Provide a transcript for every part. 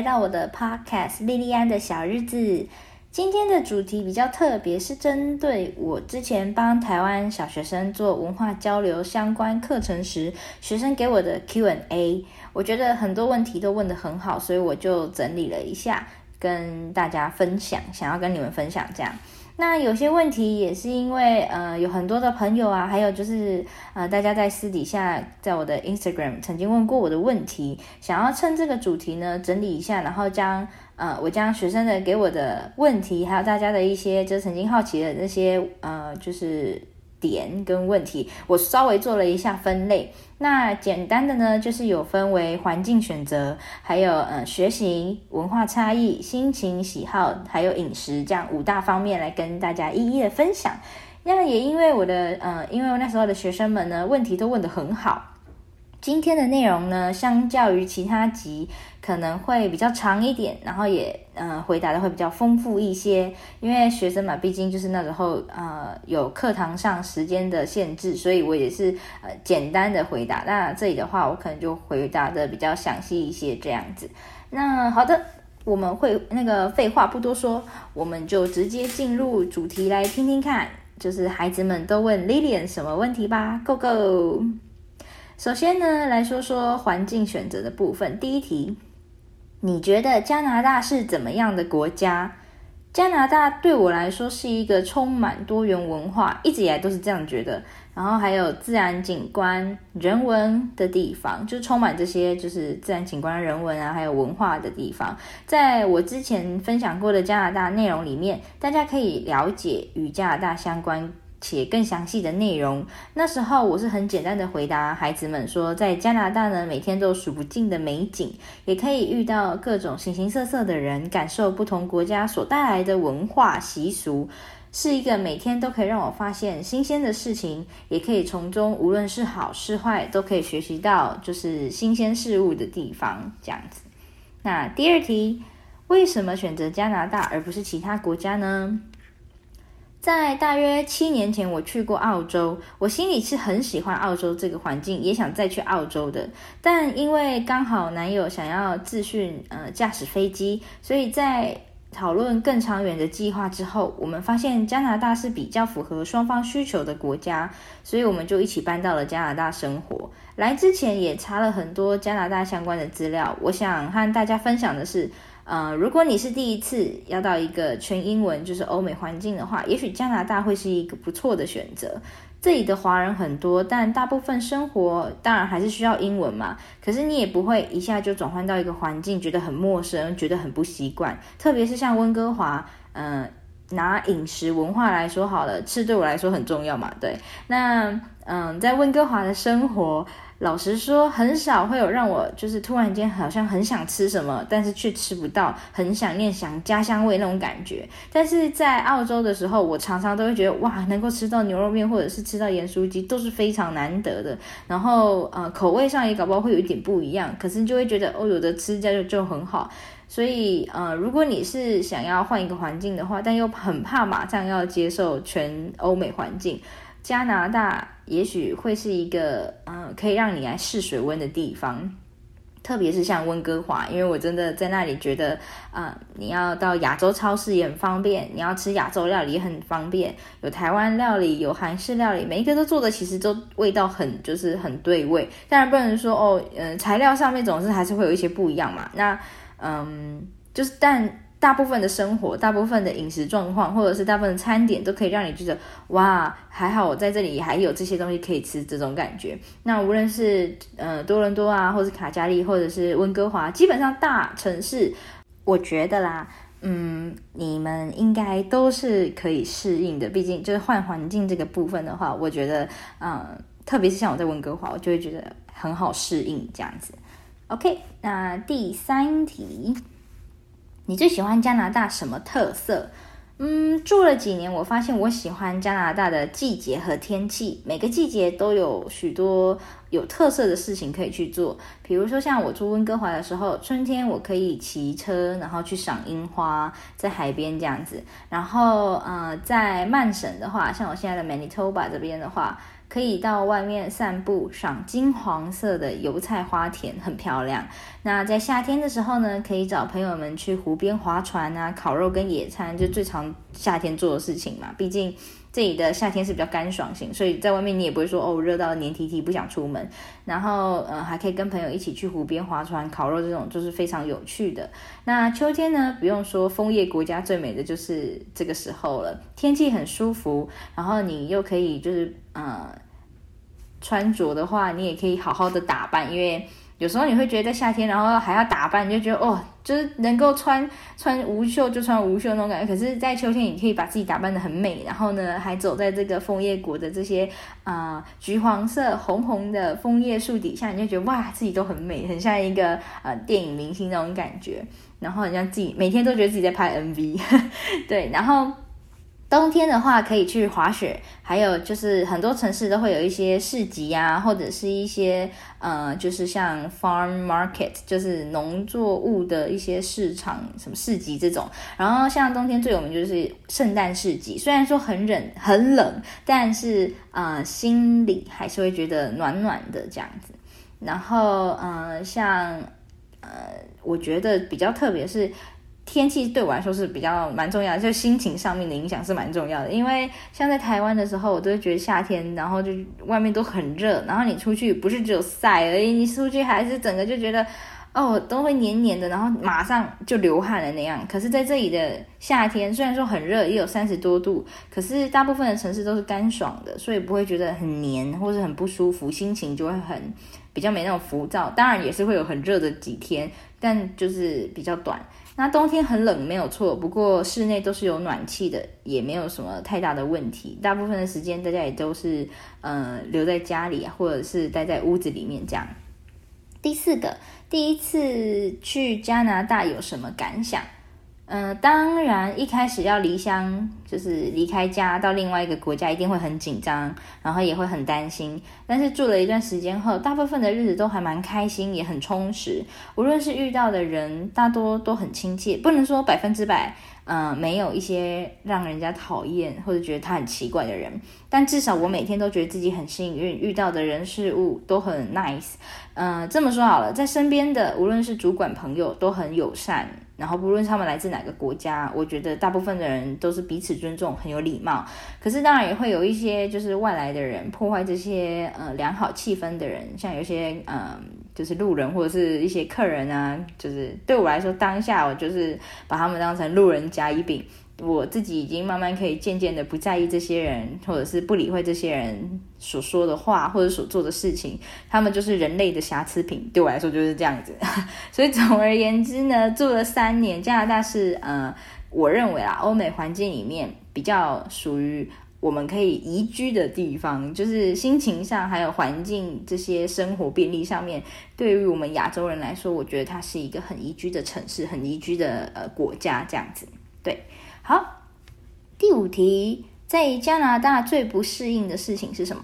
來到我的 podcast 莉莉安的小日子，今天的主題比較特別，是針對我之前幫台灣小學生做文化交流相關課程時，學生給我的 Q&A，我覺得很多問題都問得很好，所以我就整理了一下，跟大家分享，想要跟你們分享這樣。那有些問題也是因為，呃，有很多的朋友啊，還有就是，呃，大家在私底下在我的 Instagram 曾經問過我的問題，想要趁這個主題呢整理一下，然後將，呃，我將學生的給我的問題，還有大家的一些就曾經好奇的那些，呃，就是。點跟問題，我稍微做了一下分類。那簡單的呢，就是有分為環境選擇，還有嗯、呃、學習、文化差異、心情喜好，還有飲食這樣五大方面來跟大家一一的分享。那也因為我的嗯、呃，因為我那時候的學生們呢，問題都問得很好。今天的內容呢，相較於其他集可能會比較長一點，然後也嗯、呃、回答的會比較豐富一些。因為學生嘛，畢竟就是那時候呃有課堂上時間的限制，所以我也是呃簡單的回答。那這裡的話，我可能就回答的比較詳細一些這樣子。那好的，我們會那個廢話不多說，我們就直接進入主題來聽聽看，就是孩子們都問 Lilian 什麼問題吧，Go Go！首先呢，來說說環境選擇的部分。第一題，你覺得加拿大是怎麼樣的國家？加拿大對我來說是一個充滿多元文化，一直以來都是這樣覺得。然後還有自然景觀、人文的地方，就充滿這些就是自然景觀、人文啊，還有文化的地方。在我之前分享過的加拿大內容裡面，大家可以了解與加拿大相關。且更詳細的內容。那時候我是很簡單的回答孩子們說，在加拿大呢，每天都數不盡的美景，也可以遇到各種形形色色的人，感受不同國家所帶來的文化習俗，是一個每天都可以讓我發現新鮮的事情，也可以從中無論是好是壞，都可以學習到就是新鮮事物的地方，這樣子。那第二題，為什麼選擇加拿大而不是其他國家呢？在大約七年前，我去過澳洲，我心裡是很喜歡澳洲這個環境，也想再去澳洲的。但因為剛好男友想要自訓，呃，駕駛飛機，所以在討論更長遠的計劃之後，我們發現加拿大是比較符合雙方需求的國家，所以我們就一起搬到了加拿大生活。來之前也查了很多加拿大相關的資料，我想和大家分享的是。嗯、呃，如果你是第一次要到一個全英文就是歐美環境的話，也許加拿大會是一個不錯的選擇。這裡的華人很多，但大部分生活當然還是需要英文嘛。可是你也不會一下就轉換到一個環境，覺得很陌生，覺得很不習慣。特別是像溫哥華，嗯、呃，拿飲食文化來說好了，吃對我來說很重要嘛。對，那嗯、呃，在溫哥華的生活。老實說，很少會有讓我就是突然間好像很想吃什麼，但是卻吃不到，很想念想家鄉味那種感覺。但是在澳洲的時候，我常常都會覺得哇，能夠吃到牛肉麵或者是吃到鹽酥雞都是非常難得的。然後呃，口味上也搞不好會有一點不一樣，可是就會覺得哦，有得吃就就很好。所以呃，如果你是想要換一個環境的話，但又很怕馬上要接受全歐美環境。加拿大也許會是一個，嗯、呃，可以讓你來試水溫的地方，特別是像溫哥華，因為我真的在那裡覺得，啊、呃，你要到亞洲超市也很方便，你要吃亞洲料理也很方便，有台灣料理，有韓式料理，每一個都做的其實都味道很，就是很對味，當然不能說哦，嗯、呃，材料上面總是還是會有一些不一樣嘛，那，嗯，就是但。大部分的生活，大部分的飲食狀況，或者是大部分的餐點，都可以讓你覺得哇，還好我在這裡還有這些東西可以吃，這種感覺。那無論是呃多倫多啊，或是卡加利，或者是溫哥華，基本上大城市，我覺得啦，嗯，你們應該都是可以適應的。畢竟就是換環境這個部分的話，我覺得，嗯、呃，特別是像我在溫哥華，我就會覺得很好適應這樣子。OK，那第三題。你最喜歡加拿大什麼特色？嗯，住了幾年，我發現我喜歡加拿大的季節和天氣。每個季節都有許多有特色的事情可以去做。比如說，像我住溫哥華的時候，春天我可以騎車，然後去賞櫻花，在海邊這樣子。然後，呃，在曼省的話，像我現在的 Manitoba 這邊的話。可以到外面散步，賞金黃色的油菜花田，很漂亮。那在夏天的時候呢，可以找朋友們去湖邊划船啊，烤肉跟野餐，就最常夏天做的事情嘛，畢竟。這裡的夏天是比較乾爽型，所以在外面你也不會說哦，熱到黏踢踢不想出門。然後，呃，還可以跟朋友一起去湖邊划船、烤肉，這種就是非常有趣的。那秋天呢，不用說，楓葉國家最美的就是這個時候了，天氣很舒服，然後你又可以就是，呃，穿着的話，你也可以好好的打扮，因為。有時候你會覺得在夏天，然後還要打扮，你就覺得哦，就是能夠穿穿無袖就穿無袖那種感覺。可是，在秋天，你可以把自己打扮得很美，然後呢，還走在這個楓葉國的這些呃橘黃色、紅紅的楓葉樹底下，你就覺得哇，自己都很美，很像一個呃電影明星那種感覺。然後，像自己每天都覺得自己在拍 MV，對，然後。冬天的話，可以去滑雪，還有就是很多城市都會有一些市集啊，或者是一些，呃，就是像 farm market，就是農作物的一些市場，什麼市集這種。然後像冬天最有名就是聖誕市集，雖然說很冷，很冷，但是呃，心裡還是會覺得暖暖的這樣子。然後，呃，像，呃，我覺得比較特別是，天氣對我來說是比較蠻重要的，就心情上面的影響是蠻重要的。因為像在台灣的時候，我都會覺得夏天，然後就外面都很熱，然後你出去不是只有曬而已，你出去還是整個就覺得哦都會黏黏的，然後馬上就流汗了那樣。可是在這裡的夏天，雖然說很熱，也有三十多度，可是大部分的城市都是乾爽的，所以不會覺得很黏或者很不舒服，心情就會很比較沒那種浮躁。當然也是會有很熱的幾天，但就是比較短。那冬天很冷沒有錯，不過室內都是有暖氣的，也沒有什麼太大的問題。大部分的時間大家也都是，嗯，呃，留在家裡或者是待在屋子裡面這樣。第四個，第一次去加拿大有什麼感想？嗯、呃，當然，一開始要離鄉，就是離開家到另外一個國家，一定會很緊張，然後也會很擔心。但是住了一段時間後，大部分的日子都還蠻開心，也很充實。無論是遇到的人，大多都很親切，不能說百分之百。嗯、呃，沒有一些讓人家討厭或者覺得他很奇怪的人，但至少我每天都覺得自己很幸運，遇到的人事物都很 nice。嗯、呃，這麼說好了，在身邊的無論是主管朋友都很友善，然後不論他們來自哪個國家，我覺得大部分的人都是彼此尊重，很有禮貌。可是當然也會有一些就是外來的人破壞這些嗯、呃、良好氣氛，的人，像有些嗯。呃就是路人或者是一些客人啊，就是對我來說，當下我就是把他們當成路人甲乙丙，我自己已經慢慢可以漸漸的不在意這些人，或者是不理會這些人所說的話或者所做的事情，他們就是人類的瑕疵品，對我來說就是這樣子。 所以總而言之呢，住了三年加拿大是呃，我認為啊，歐美環境裡面比較屬於。我們可以宜居的地方，就是心情上還有環境這些生活便利上面，對於我們亞洲人來說，我覺得它是一個很宜居的城市，很宜居的呃國家這樣子。對，好，第五題，在加拿大最不適應的事情是什麼？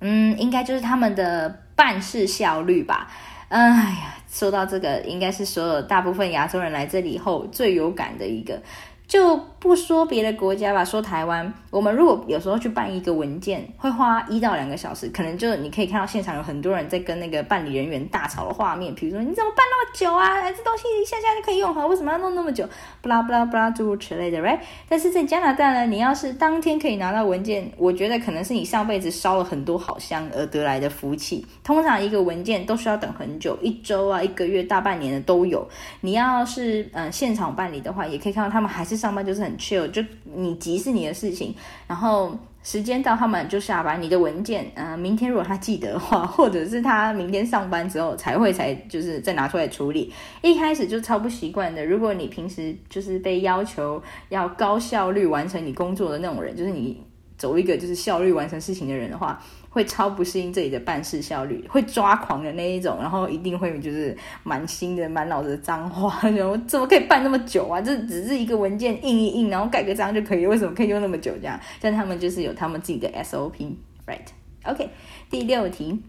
嗯，應該就是他們的辦事效率吧。嗯，哎呀，說到這個，應該是所有大部分亞洲人來這裡後最有感的一個就。不說別的國家吧，說台灣，我們如果有時候去辦一個文件，會花一到兩個小時，可能就你可以看到現場有很多人在跟那個辦理人員大吵的畫面，比如說你怎麼辦那麼久啊？這東西一下下就可以用好，為什麼要弄那麼久？布拉布拉布拉諸如此類的，right？但是在加拿大呢，你要是當天可以拿到文件，我覺得可能是你上輩子燒了很多好香而得來的福氣。通常一個文件都需要等很久，一週啊，一個月，大半年的都有。你要是嗯、呃、現場辦理的話，也可以看到他們還是上班就是很。Chill, 就你急是你的事情，然後時間到他們就下班，你的文件，嗯、呃，明天如果他記得的話，或者是他明天上班之後才會才就是再拿出來處理。一開始就超不習慣的。如果你平時就是被要求要高效率完成你工作的那種人，就是你。走一個就是效率完成事情的人的話，會超不適應這裡的辦事效率，會抓狂的那一種，然後一定會就是滿心的滿腦子的髒話，我怎麼可以辦那麼久啊？這只是一個文件印一印，然後蓋個章就可以，為什麼可以用那麼久這樣？但他們就是有他們自己的 SOP，right？OK，第六題，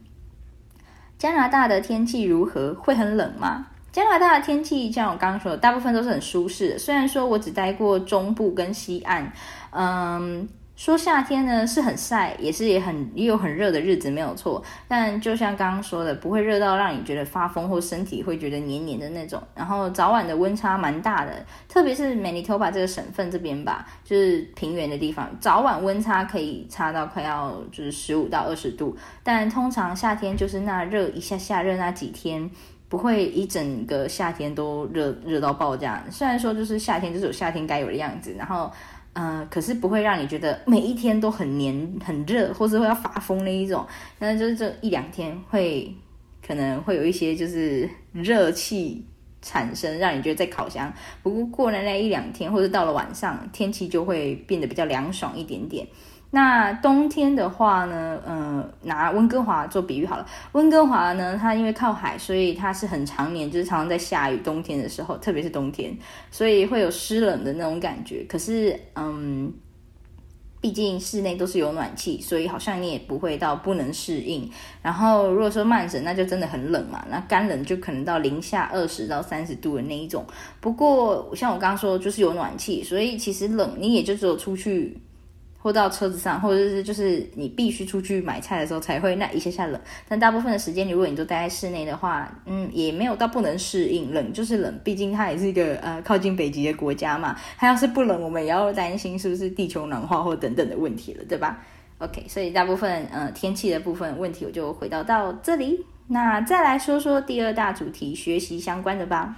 加拿大的天氣如何？會很冷嗎？加拿大的天氣像我剛剛說的，大部分都是很舒適，雖然說我只待過中部跟西岸，嗯。說夏天呢是很曬，也是也很也有很熱的日子，沒有錯。但就像剛剛說的，不會熱到讓你覺得發瘋或身體會覺得黏黏的那種。然後早晚的溫差蠻大的，特別是 Manitoba 這個省份這邊吧，就是平原的地方，早晚溫差可以差到快要就是十五到二十度。但通常夏天就是那熱一下下熱那幾天，不會一整個夏天都熱熱到爆炸。雖然說就是夏天就是有夏天該有的樣子，然後。嗯、呃，可是不會讓你覺得每一天都很黏、很熱，或是會要發瘋那一種。那就是這一兩天會，可能會有一些就是熱氣產生，讓你覺得在烤箱。不過過了那一兩天，或者到了晚上，天氣就會變得比較涼爽一點點。那冬天的話呢，呃，拿溫哥華做比喻好了。溫哥華呢，它因為靠海，所以它是很常年就是常常在下雨，冬天的時候，特別是冬天，所以會有濕冷的那種感覺。可是，嗯，畢竟室內都是有暖氣，所以好像你也不會到不能適應。然後，如果說曼省，那就真的很冷嘛。那乾冷就可能到零下二十到三十度的那一種。不過，像我剛剛說，就是有暖氣，所以其實冷你也就只有出去。拖到車子上，或者是就是你必須出去買菜的時候才會那一下下冷，但大部分的時間你如果你都待在室內的話，嗯，也沒有到不能適應冷，就是冷，畢竟它也是一個呃靠近北極的國家嘛，它要是不冷，我們也要擔心是不是地球暖化或等等的問題了，對吧？OK，所以大部分呃天氣的部分的問題我就回答到，到這裡，那再來說說第二大主題學習相關的吧。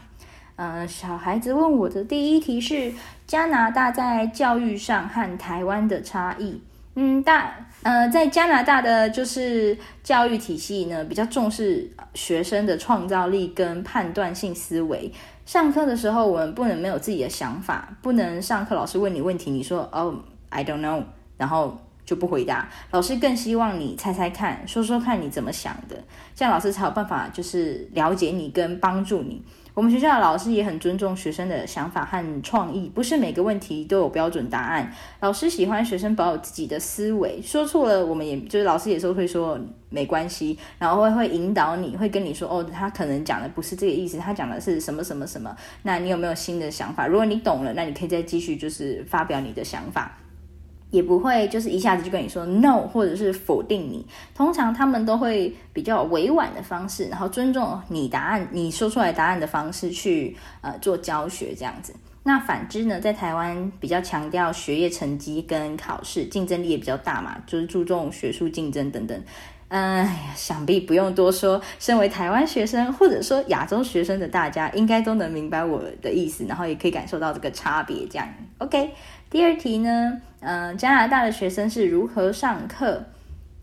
呃，小孩子問我的第一題是加拿大在教育上和台灣的差異。嗯，大呃，在加拿大的就是教育體系呢，比較重視學生的創造力跟判斷性思維。上課的時候，我們不能沒有自己的想法，不能上課老師問你問題，你說哦，I don't know，然後就不回答。老師更希望你猜猜看，說說看你怎麼想的，這樣老師才有辦法就是了解你跟幫助你。我們學校的老師也很尊重學生的想法和創意，不是每個問題都有標準答案。老師喜歡學生保有自己的思維，說錯了，我們也就是老師也都會說沒關係，然後會會引導你，會跟你說哦，他可能講的不是這個意思，他講的是什麼什麼什麼，那你有沒有新的想法？如果你懂了，那你可以再繼續就是發表你的想法。也不會就是一下子就跟你說 No 或者是否定你，通常他們都會比較委婉的方式，然後尊重你答案你說出來答案的方式去呃做教學這樣子。那反之呢，在台灣比較強調學業成績跟考試競爭力也比較大嘛，就是注重學術競爭等等。嗯，想必不用多說，身為台灣學生或者說亞洲學生的大家應該都能明白我的意思，然後也可以感受到這個差別這樣。OK。第二題呢，嗯、呃，加拿大的學生是如何上課？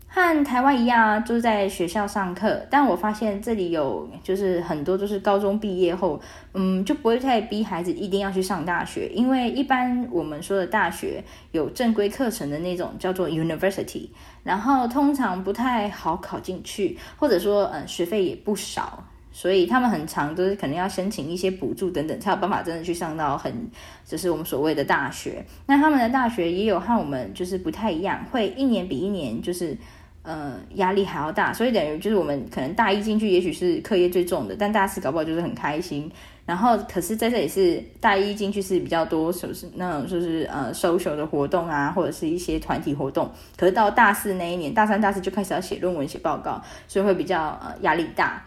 和台灣一樣啊，就是在學校上課。但我發現這裡有，就是很多都是高中畢業後，嗯，就不會太逼孩子一定要去上大學，因為一般我們說的大學有正規課程的那種叫做 university，然後通常不太好考進去，或者說，嗯，學費也不少。所以他們很常就是可能要申請一些補助等等，才有辦法真的去上到很，就是我們所謂的大學。那他們的大學也有和我們就是不太一樣，會一年比一年就是，呃，壓力還要大。所以等於就是我們可能大一進去也許是課業最重的，但大四搞不好就是很開心。然後可是在這裡是大一進去是比較多，就是，是那種就是呃，social 的活動啊，或者是一些團體活動。可是到大四那一年，大三、大四就開始要寫論文、寫報告，所以會比較呃壓力大。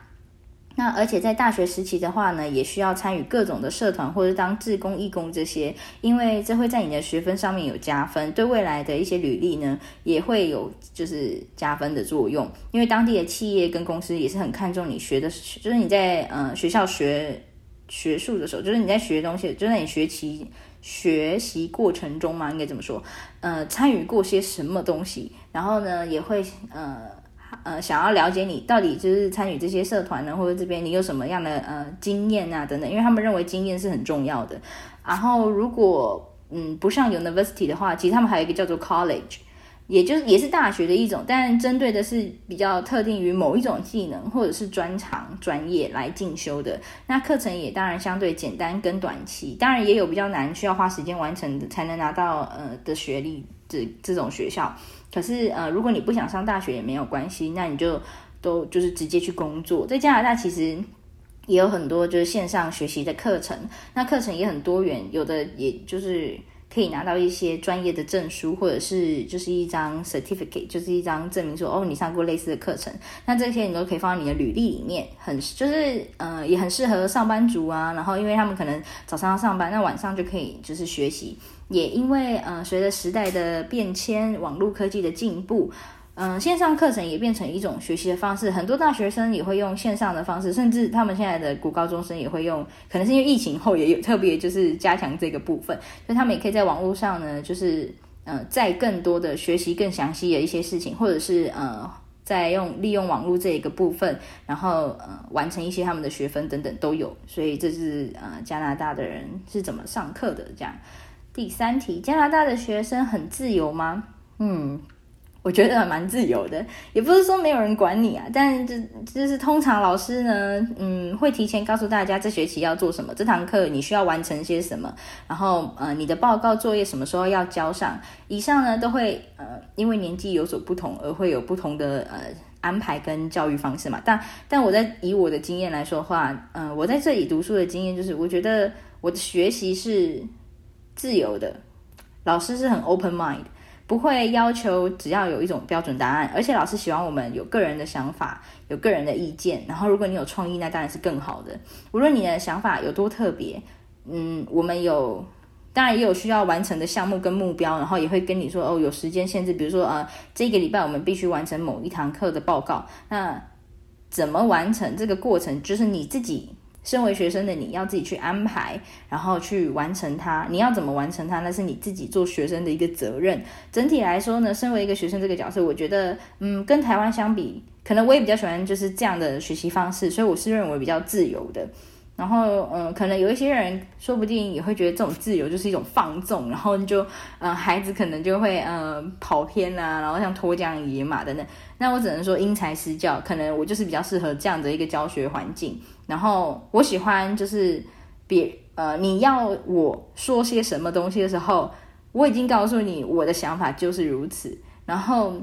那而且在大學時期的話呢，也需要參與各種的社團或者是當志工、義工這些，因為這會在你的學分上面有加分，對未來的一些履歷呢也會有就是加分的作用。因為當地的企業跟公司也是很看重你學的，就是你在呃學校學學術的時候，就是你在學東西，就是你學習學習過程中嘛，應該怎麼說？呃，參與過些什麼東西？然後呢，也會呃。呃，想要了解你到底就是參與這些社團呢，或者這邊你有什麼樣的呃經驗啊等等，因為他們認為經驗是很重要的。然後如果嗯不上 university 的話，其實他們還有一個叫做 college，也就是也是大學的一種，但針對的是比較特定於某一種技能或者是專長專業來進修的。那課程也當然相對簡單跟短期，當然也有比較難需要花時間完成的才能拿到呃的學歷，這這種學校。可是，呃，如果你不想上大學也沒有關係，那你就都就是直接去工作。在加拿大其實也有很多就是線上學習的課程，那課程也很多元，有的也就是。可以拿到一些專業的證書，或者是就是一張 certificate，就是一張證明說，哦，你上過類似的課程。那這些你都可以放在你的履歷裡面，很就是呃，也很適合上班族啊。然後因為他們可能早上要上班，那晚上就可以就是學習。也因為呃，隨着時代的變遷，網絡科技的進步。嗯，線上課程也變成一種學習的方式，很多大學生也會用線上的方式，甚至他們現在的國高中生也會用，可能是因為疫情後也有特別就是加強這個部分，所以他們也可以在網絡上呢，就是呃，在更多的學習更詳細的一些事情，或者是呃，在用利用網絡這一個部分，然後呃完成一些他們的學分等等都有，所以這是呃加拿大的人是怎麼上課的這樣。第三題，加拿大的學生很自由嗎？嗯。我覺得蠻自由的，也不是說沒有人管你啊，但這就，就是通常老師呢，嗯，會提前告訴大家這學期要做什麼，這堂課你需要完成些什麼，然後呃，你的報告作業什麼時候要交上。以上呢都會呃，因為年紀有所不同而會有不同的呃安排跟教育方式嘛。但但我在以我的經驗來說的話，嗯、呃，我在這裡讀書的經驗就是，我覺得我的學習是自由的，老師是很 open mind。不會要求只要有一種標準答案，而且老師喜歡我們有個人的想法，有個人的意見。然後如果你有創意，那當然是更好的。無論你的想法有多特別，嗯，我們有，當然也有需要完成的項目跟目標，然後也會跟你說哦，有時間限制，比如說啊，呃，這個禮拜我們必須完成某一堂課的報告，那怎麼完成這個過程，就是你自己。身為學生的你要自己去安排，然後去完成它。你要怎麼完成它，那是你自己做學生的一個責任。整體來說呢，身為一個學生這個角色，我覺得，嗯，跟台灣相比，可能我也比較喜歡就是這樣的學習方式，所以我是認為比較自由的。然後，嗯，可能有一些人說不定也會覺得這種自由就是一種放縱，然後你就，嗯，孩子可能就會，呃、嗯，跑偏啦、啊，然後像脫韁野馬等等。那我只能說因材施教，可能我就是比較適合這樣的一個教學環境。然後我喜歡就是別，呃，你要我說些什麼東西的時候，我已經告訴你我的想法就是如此，然後。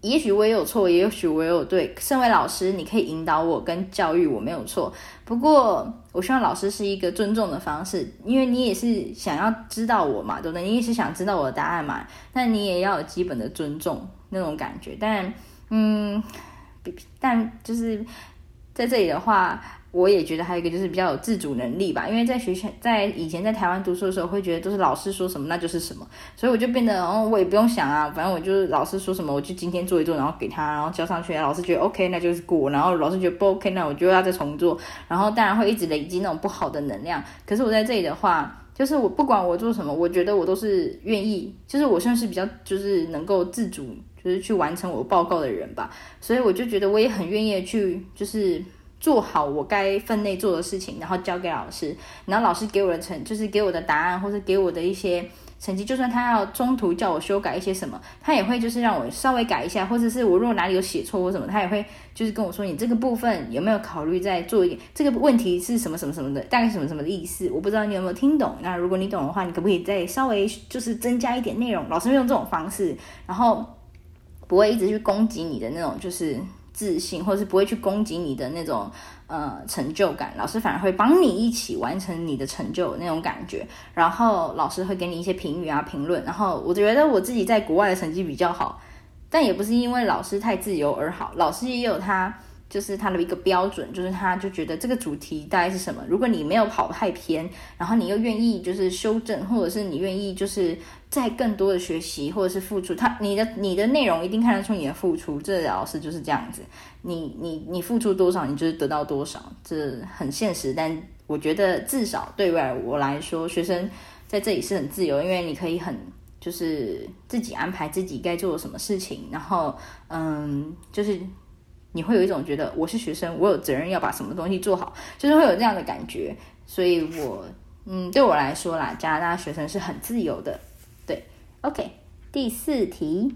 也許我也有錯，也許我也有對。身為老師，你可以引導我跟教育我，沒有錯。不過，我希望老師是一個尊重的方式，因為你也是想要知道我嘛，對不對？你也是想知道我的答案嘛，但你也要有基本的尊重那種感覺。但，嗯，但就是在這裡的話。我也覺得還有一個就是比較有自主能力吧，因為在學校，在以前在台灣讀書的時候，會覺得都是老師說什麼那就是什麼，所以我就變得哦，我也不用想啊，反正我就是老師說什麼我就今天做一做，然後給他，然後交上去，啊，老師覺得 OK 那就是過，然後老師覺得不 OK 那我就要再重做，然後當然會一直累積那種不好的能量。可是我在這裡的話，就是我不管我做什麼，我覺得我都是願意，就是我算是比較就是能夠自主，就是去完成我報告的人吧，所以我就覺得我也很願意去就是。做好我該分內做的事情，然後交給老師，然後老師給我的成，就是給我的答案或者給我的一些成績。就算他要中途叫我修改一些什麼，他也會就是讓我稍微改一下，或者是我如果哪裡有寫錯或什麼，他也會就是跟我說你這個部分有沒有考慮再做一點？這個問題是什麼什麼什麼的，大概什麼什麼的意思？我不知道你有沒有聽懂。那如果你懂的話，你可不可以再稍微就是增加一點內容？老師會用這種方式，然後不會一直去攻擊你的那種就是。自信，或是不會去攻擊你的那種呃成就感，老師反而會幫你一起完成你的成就那種感覺，然後老師會給你一些評語啊、評論，然後我覺得我自己在國外的成績比較好，但也不是因為老師太自由而好，老師也有他。就是他的一個標準，就是他就覺得這個主題大概是什麼。如果你沒有跑太偏，然後你又願意就是修正，或者是你願意就是再更多的學習，或者是付出，他你的你的內容一定看得出你的付出。這老師就是這樣子，你你你付出多少，你就是得到多少，這很現實。但我覺得至少對外我來說，學生在這裡是很自由，因為你可以很就是自己安排自己該做什麼事情，然後嗯，就是。你會有一種覺得我是學生，我有責任要把什麼東西做好，就是會有這樣的感覺。所以我，我嗯，對我來說啦，加拿大學生是很自由的。對，OK，第四題，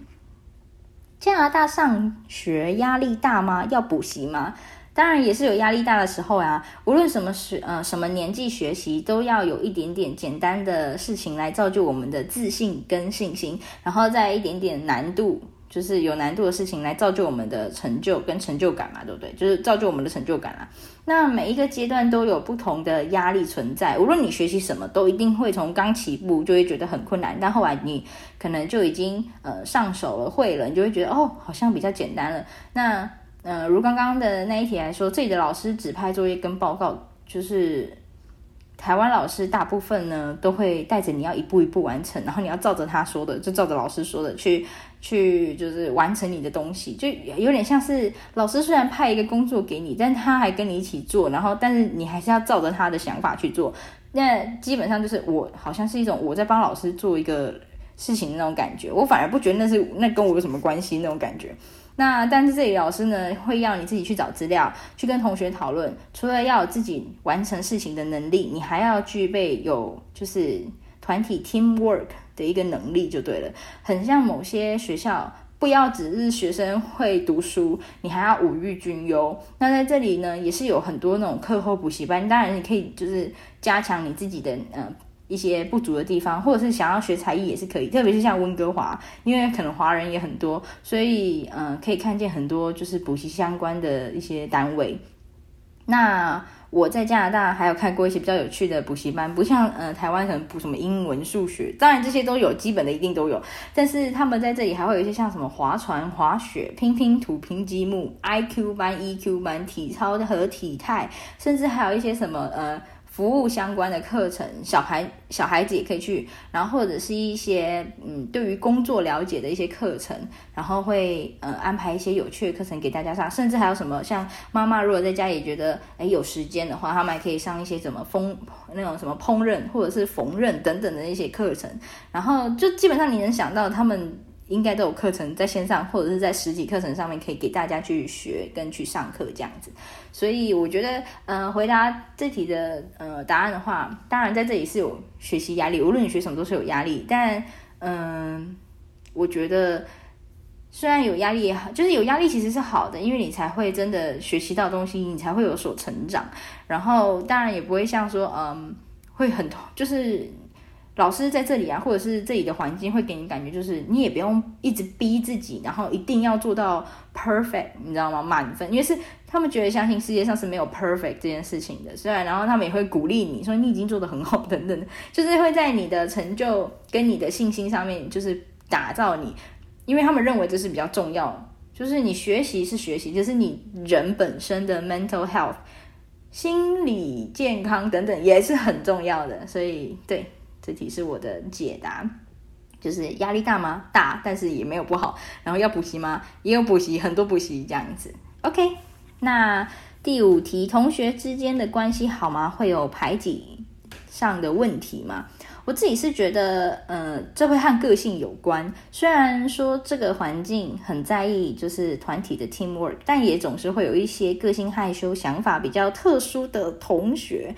加拿大上學壓力大嗎？要補習嗎？當然也是有壓力大的時候啊。無論什麼學，呃，什麼年紀學習，都要有一點點簡單的事情來造就我們的自信跟信心，然後再一點點難度。就是有難度的事情來造就我們的成就跟成就感嘛，對不對？就是造就我們的成就感啦、啊。那每一個階段都有不同的壓力存在，無論你學習什麼都一定會從剛起步就會覺得很困難，但後來你可能就已經呃上手了會了，你就會覺得哦好像比較簡單了。那呃如剛剛的那一題來說，這裡的老師指派作業跟報告，就是台灣老師大部分呢都會帶着你要一步一步完成，然後你要照着他說的，就照着老師說的去，去就是完成你的東西，就有點像是老師雖然派一個工作給你，但他還跟你一起做，然後但是你還是要照着他的想法去做。那基本上就是我好像是一種我在幫老師做一個事情的那種感覺，我反而不覺得那是那跟我有什麼關係那種感覺。那但是這裡老師呢會要你自己去找資料，去跟同學討論，除了要有自己完成事情的能力，你還要具備有就是團體 teamwork。的一個能力就對了，很像某些學校，不要只是學生會讀書，你還要五育均優。那在這裡呢，也是有很多那種課後補習班，當然你可以就是加強你自己的呃一些不足的地方，或者是想要學才藝也是可以。特別是像溫哥華，因為可能華人也很多，所以嗯、呃、可以看見很多就是補習相關的一些單位。那。我在加拿大還有看過一些比較有趣的補習班，不像呃台灣可能補什麼英文、數學，當然這些都有，基本的一定都有。但是他們在這裡還會有一些像什麼划船、滑雪、拼拼圖、拼積木、I Q 班、E Q 班、體操和體態，甚至還有一些什麼呃。服務相關的課程，小孩小孩子也可以去，然後或者是一些嗯，對於工作了解的一些課程，然後會呃安排一些有趣的課程給大家上，甚至還有什麼像媽媽如果在家裡覺得誒有時間的話，他們還可以上一些什麼風那種什麼烹飪或者是縫紉等等的一些課程，然後就基本上你能想到他們。應該都有課程在線上或者是在實體課程上面可以給大家去學跟去上課這樣子，所以我覺得，嗯、呃，回答這題的呃答案的話，當然在這裡是有學習壓力，無論你學什麼都是有壓力，但嗯、呃，我覺得雖然有壓力也好，就是有壓力其實是好的，因為你才會真的學習到東西，你才會有所成長，然後當然也不會像說，嗯，會很痛就是。老師在這裡啊，或者是這裡的環境會給你感覺，就是你也不用一直逼自己，然後一定要做到 perfect，你知道嗎？滿分？因為是他們覺得相信世界上是沒有 perfect 這件事情的。雖然，然後他們也會鼓勵你說你已經做得很好等等，就是會在你的成就跟你的信心上面，就是打造你，因為他們認為這是比較重要。就是你學習是學習，就是你人本身的 mental health 心理健康等等也是很重要的。所以，對。這題是我的解答，就是壓力大嗎？大，但是也沒有不好。然後要補習嗎？也有補習，很多補習這樣子。OK，那第五題，同學之間的關係好嗎？會有排擠上的問題嗎？我自己是覺得，呃，這會和個性有關。雖然說這個環境很在意，就是團體的 teamwork，但也總是會有一些個性害羞、想法比較特殊的同學。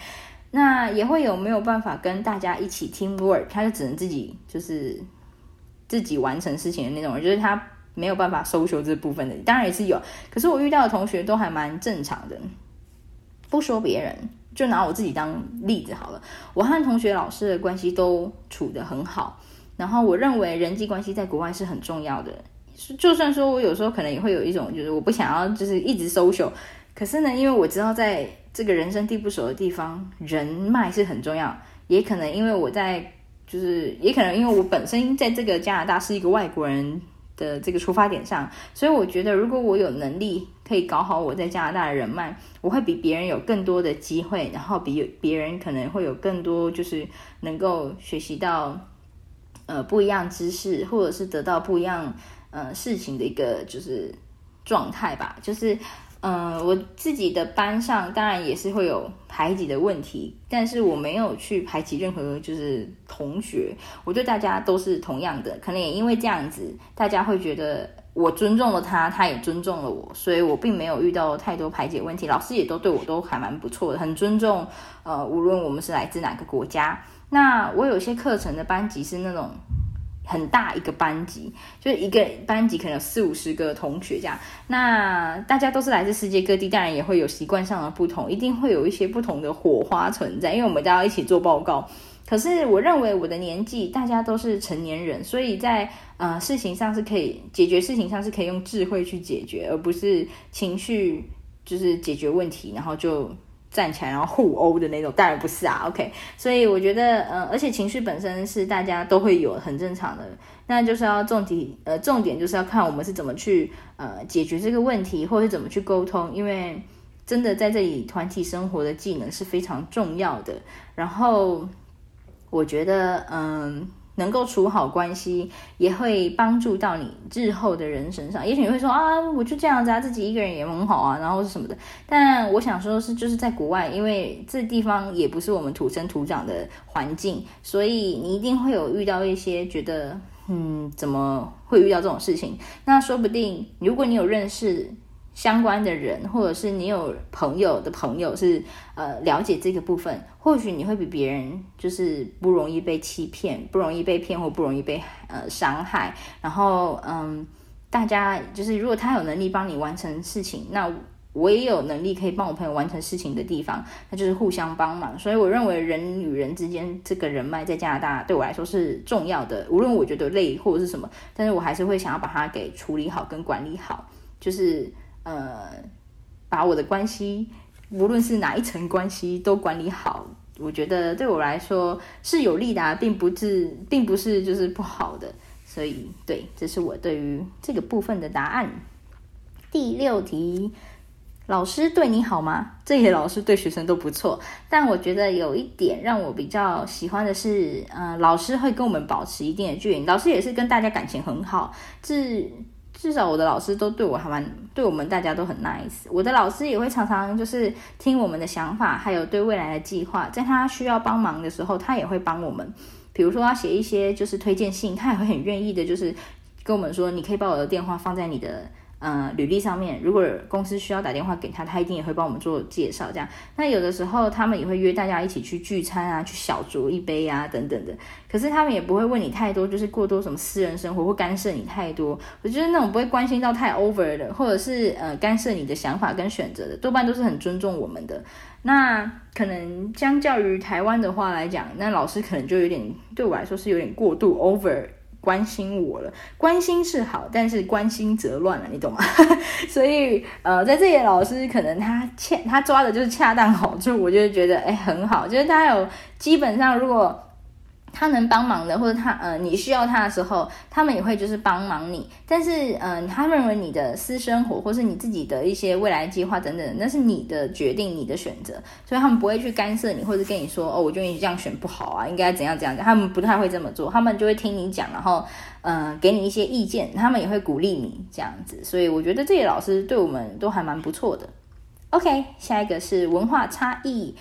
那也會有沒有辦法跟大家一起 teamwork，他就只能自己就是自己完成事情的那種人，就是他沒有辦法 social 這部分的，當然也是有。可是我遇到的同學都還蠻正常的，不說別人，就拿我自己當例子好了。我和同學、老師的關係都處得很好，然後我認為人際關係在國外是很重要的。就算說我有時候可能也會有一種，就是我不想要，就是一直 social 可是呢，因為我知道在這個人生地不熟的地方，人脈是很重要。也可能因為我在，就是也可能因為我本身在這個加拿大是一個外國人的這個出發點上，所以我覺得如果我有能力可以搞好我在加拿大的人脈，我會比別人有更多的機會，然後比別人可能會有更多就是能夠學習到呃不一樣知識，或者是得到不一樣呃事情的一個就是狀態吧，就是。嗯、呃，我自己的班上當然也是會有排擠的問題，但是我沒有去排擠任何就是同學，我對大家都是同樣的，可能也因為這樣子，大家會覺得我尊重了他，他也尊重了我，所以我並沒有遇到太多排擠問題，老師也都對我都還蠻不錯的，很尊重。呃，無論我們是來自哪個國家，那我有些課程的班級是那種。很大一個班級，就是一個班級可能有四五十個同學這樣，那大家都是來自世界各地，當然也會有習慣上的不同，一定會有一些不同的火花存在，因為我們都要一起做報告。可是我認為我的年紀，大家都是成年人，所以在呃，事情上是可以，解決事情上是可以用智慧去解決，而不是情緒就是解決問題，然後就。站起來，然後互毆的那種，當然不是啊。OK，所以我覺得，嗯、呃，而且情緒本身是大家都會有很正常的，那就是要重點，呃，重點就是要看我們是怎麼去呃解決這個問題，或是怎麼去溝通，因為真的在這裡團體生活的技能是非常重要的。然後我覺得，嗯、呃。能夠處好關係，也會幫助到你日後的人生上。也許你會說啊，我就這樣子啊，自己一個人也很好啊，然後是什麼的。但我想說的是，就是在國外，因為這地方也不是我們土生土長的環境，所以你一定會有遇到一些覺得，嗯，怎麼會遇到這種事情？那說不定，如果你有認識。相關的人，或者是你有朋友的朋友是呃，了解這個部分，或許你會比別人就是不容易被欺騙，不容易被騙或不容易被呃，傷害。然後嗯，大家就是如果他有能力幫你完成事情，那我也有能力可以幫我朋友完成事情的地方，那就是互相幫忙。所以我認為人與人之間這個人脈在加拿大對我來說是重要的，無論我覺得累或者是什麼，但是我還是會想要把它給處理好跟管理好，就是。呃，把我的關係，無論是哪一層關係都管理好，我覺得對我來說是有利的啊，並不是，並不是就是不好的。所以，對，這是我對於這個部分的答案。第六題，老師對你好嗎？這些老師對學生都不錯，但我覺得有一點讓我比較喜歡的是，呃，老師會跟我們保持一定的距離，老師也是跟大家感情很好。至少我的老師都對我還蠻，對我們大家都很 nice。我的老師也會常常就是聽我們的想法，還有對未來的計劃，在他需要幫忙的時候，他也會幫我們。比如說他寫一些就是推薦信，他也會很願意的就是跟我們說，你可以把我的電話放在你的。呃，履歷上面，如果公司需要打電話給他，他一定也會幫我們做介紹。這樣，那有的時候他們也會約大家一起去聚餐啊，去小酌一杯啊，等等的。可是他們也不會問你太多，就是過多什麼私人生活或干涉你太多。我覺得那種不會關心到太 over 的，或者是呃干涉你的想法跟選擇的，多半都是很尊重我們的。那可能相較於台灣的話來講，那老師可能就有點，對我來說是有點過度 over。關心我了，關心是好，但是關心則亂了，你懂嗎？ 所以，呃，在這裡老師，可能他欠他抓的就是恰當好處，我就覺得哎、欸、很好，就是他有基本上如果，他能幫忙的，或者他呃你需要他的時候，他們也會就是幫忙你。但是嗯、呃，他認為你的私生活，或是你自己的一些未來計劃等等，那是你的決定，你的選擇，所以他們不會去干涉你，或者跟你說哦，我覺得你這樣選不好啊，應該怎樣怎樣。他們不太會這麼做，他們就會聽你講，然後嗯、呃，給你一些意見，他們也會鼓勵你這樣子。所以我覺得這些老師對我們都還蠻不錯的。OK，下一個是文化差異。